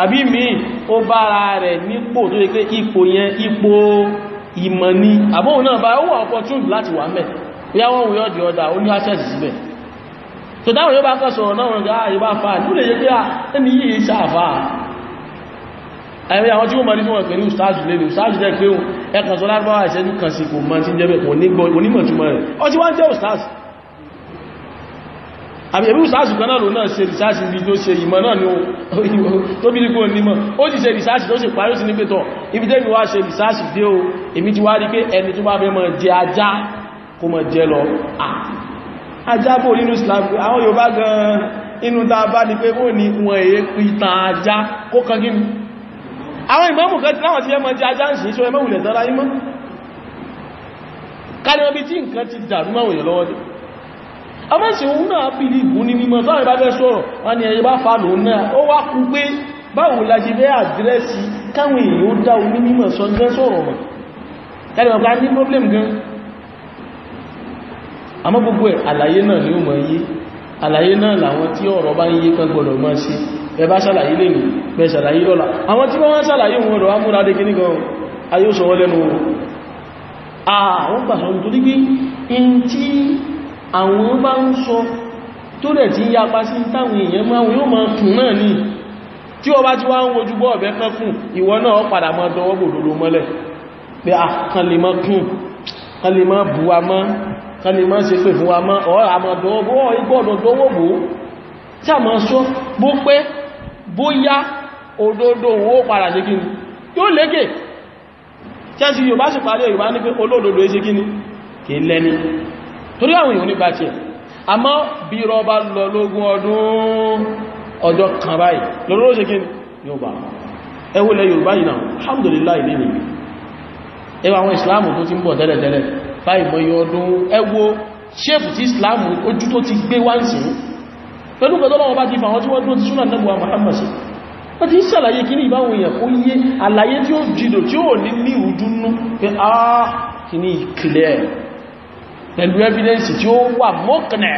àbí mi ó bára rẹ̀ nípò tó yẹ pé ipò yẹn ipò ìmọ̀ ni àbóhùn náà bá ó wà opportunity láti wà mẹ́ bóyá wọ́n wùyọ́ di ọ̀dà ó ní access síbẹ̀ tó dáwọn yóò bá kọ́ sọ̀rọ̀ náà rẹ̀ gáà ah, ìbá fà ní lè yẹ pé ah, ẹni yìí sáàfà àwọn tí ó mọ̀ ní fún ẹ̀pẹ̀lú ustazu lè ustazu jẹ́ pé ẹkàn sọ lágbàwà ìṣẹ́jú kan sí kò mọ́ sí jẹ́ bẹ̀ kò ní gbọ́ onímọ̀ túnmọ̀ rẹ̀ ọ ti wá ń jẹ́ ustazu àbẹ̀bí ìsáàsù kan náà ló náà ṣe ìsáàsì ibi tó ṣe ìmọ̀ náà ni tó bí nígbò nímọ̀ ó ti ṣe ìsáàsì tó sì parí sí ní ibi tẹ́mi wá ṣe ìsáàsì dé o èmi ti wá rí pé ẹni tó bá fẹ́ mọ̀ jẹ ajá kó mọ̀ jẹ lọ ajá bò nínú Islam àwọn Yorùbá gan inú ta bá ní pé ó ní wọn èé pìtàn ajá kó kan kí ni àwọn ìmọ̀mù kan ti láwọn ti ẹmọ jẹ ajá ń ṣe iṣọ́ ẹmọ ìwùlẹ̀ tọ́lá imọ́ ọmọ sí òun náà pìlì ìbùn ní mímọ̀ tó àríbá fẹ́ sọ̀rọ̀ wọ́n ni ẹ̀yẹ bá fa lò náà ó wá kú pé báwo la ṣe àdírẹ́sì káwọn èèyàn ó dá mímọ̀ sọ́jẹ́ sọ̀rọ̀ problem gan àmọ́ gbogbo ẹ̀ àlàyé náà ni ó mọ̀ yé àlàyé náà làwọn tí ọ̀rọ̀ bá ń yé kan gbọ́dọ̀ mọ́ sí ẹ bá ṣàlàyé lè ní pẹ ṣàlàyé lọ́la àwọn tí wọ́n ṣàlàyé wọn rọ̀ amúradé kí ní nítorí pé in tí àwọn bá ń sọ tó dẹ̀ tí yapa sí táwọn èèyàn máa wọ́n máa tún náà ní tí ó bá ti wá ń wojú bọ́ ọ̀bẹ́ kan fún ìwọ náà padà máa dọwọ́ gbòdòdó mọ́lẹ̀ pé a ah, kan lè máa kún kan lè máa bù wa mọ́ kan lè máa ṣe pé fún wa mọ́ ọ̀ àmọ́ dọwọ́ bó ọ̀ torí àwọn èèyàn nígbà tí ẹ̀ àmọ́ bí rọba lọ lógún ọdún ọjọ́ kan báyìí lọ́rọ̀ ṣe kí ni ó bá Yorùbá yìí náà alhamdulillah ilé ni ẹwọ́ àwọn Islam tó ti ń bọ̀ tẹ́lẹ̀tẹ́lẹ̀ báyìí mọ́ iye ọdún ẹwọ́ ṣéfù tí Islam ojú tó ti gbé wá ń sìn pẹ̀lú pẹ̀lọ́wọ́ bá ti fà wọn tí wọ́n dúró ti súnà nẹ́bùwà Muhammad sí wọ́n ti pẹ̀lú evidence tí ó wà mọ́kànlẹ̀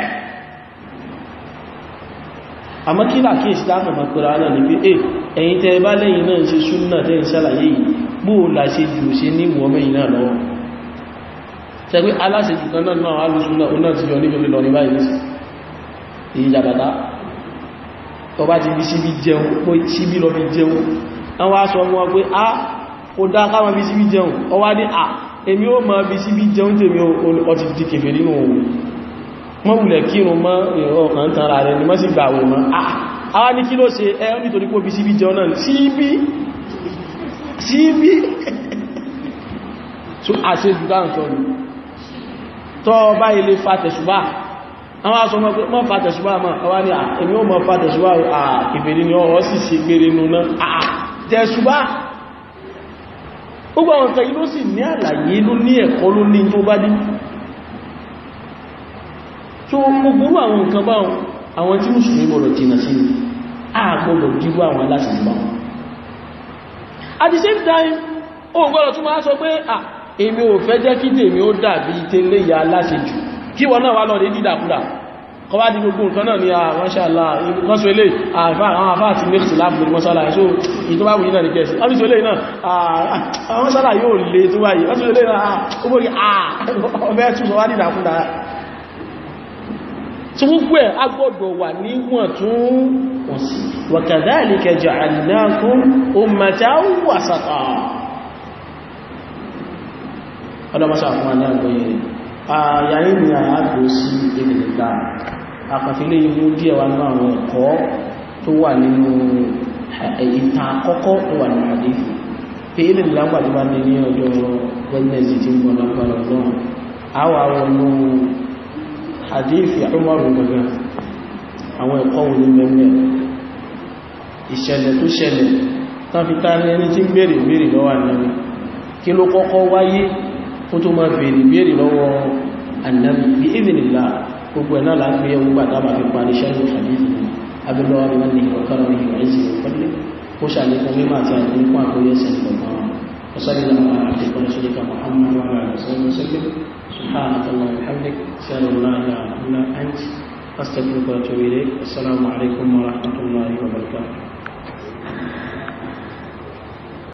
àmọ́ kí láàkí ìsìláàmù àpẹẹrẹ ara ní pé eh, ẹ̀yìn tẹ́ bá lẹ́yìn náà ṣe súnnà tẹ́ ìṣàlàyé gbóòlà ṣe jù ṣe ní ìwọ̀mẹ́yìn náà lọ́wọ́ tẹ́gbé aláṣẹ́jù kan náà náà alùsùnà oná ti yọ níbi lọ ní báyìí sí èyí jàbàtà tó bá ti bí síbí jẹun pé síbí lọ a èmi ó máa bí síbí jẹun tèmi ọtí ti kèfè nínú ohun mọ́ wùlẹ̀ kírun mọ́ ìran kan tara rẹ̀ ni mọ́ sí gbà wọn àwa ní kí ló ṣe ẹ́ nítorí kó bí síbí jẹun náà síbí síbí tó àṣẹ jùdá ń sọ ni tọ́ bá ilé fàtẹ̀ṣùgbà àwọn aṣọ mọ́ fàtẹ̀ṣùgbà mọ́ àwọn ni èmi ó mọ́ fàtẹ̀ṣùgbà àkèfè nínú ọ̀rọ̀ sì ṣe gbére nínú náà jẹ́ṣùgbà ah, gbogbo àwọn ìtàkì ló sì ní àlàyé ló ní ẹ̀kọ́ ló ní tó bá dé tó gbogbo àwọn nǹkan bá àwọn tí mùsùlùmí gbọdọ̀ jìnà sí ni a gbọdọ̀ àwọn aláṣìlúbà at the same time o gbọdọ̀ tún máa sọ pé à èmi ò fẹ́ jẹ́ kí ya aláṣejù kí wọ́n náà wá lọ́dẹ́ kọ bá di gbogbo nǹkan náà ni àwọ́ṣàlá lọ́sọ ilé àwọn àfáà ti mẹ́sì láàbùn mọ́sálà ẹ̀ṣọ́ ìtọ́báwò yìí náà ní kẹsì lọ́sọ ilé náà ah, àwọ́ṣàlá yóò lè tó wáyé lọ́sọ ilé fún dára tí gbogbo ah, ni àyàgbò sí ìdílẹ̀ àkànfilé ìlú díẹ̀ wà nínú àwọn ẹ̀kọ́ tó wà nínú ìta àkọ́kọ́ tó wà nínú àdéhì pé ilẹ̀ lágbàdé bá ní ní ọjọ́ wednesday tí ń bọ̀ lágbàdé ọlọ́run àwọn àwọn ọmọ àdéhì àrùmọ̀rù gbọ̀ngàn àwọn ẹ̀kọ́ wò ní mẹ́mẹ́ ìṣẹ̀lẹ̀ tó ṣẹlẹ̀ tán fi tárí ẹni tí ń béèrè béèrè lọ́wọ́ gbogbo ẹ̀ náà láti yẹ gbogbo àtàbà fi parí ṣẹ́gun ṣàdíjì abúlọ́wà bí wọ́n ní ọ̀kọ́rọ̀ ní ìwà ìsìn ìpínlẹ̀ ó ṣàlékún mímọ̀ àti àdínkù àkóyẹsẹ̀ ìgbọ̀ngàn وصلى الله على عبدك ورسولك محمد وعلى اله وصحبه وسلم سبحانك اللهم وبحمدك اشهد ان لا اله الا انت استغفرك واتوب اليك والسلام عليكم ورحمه الله وبركاته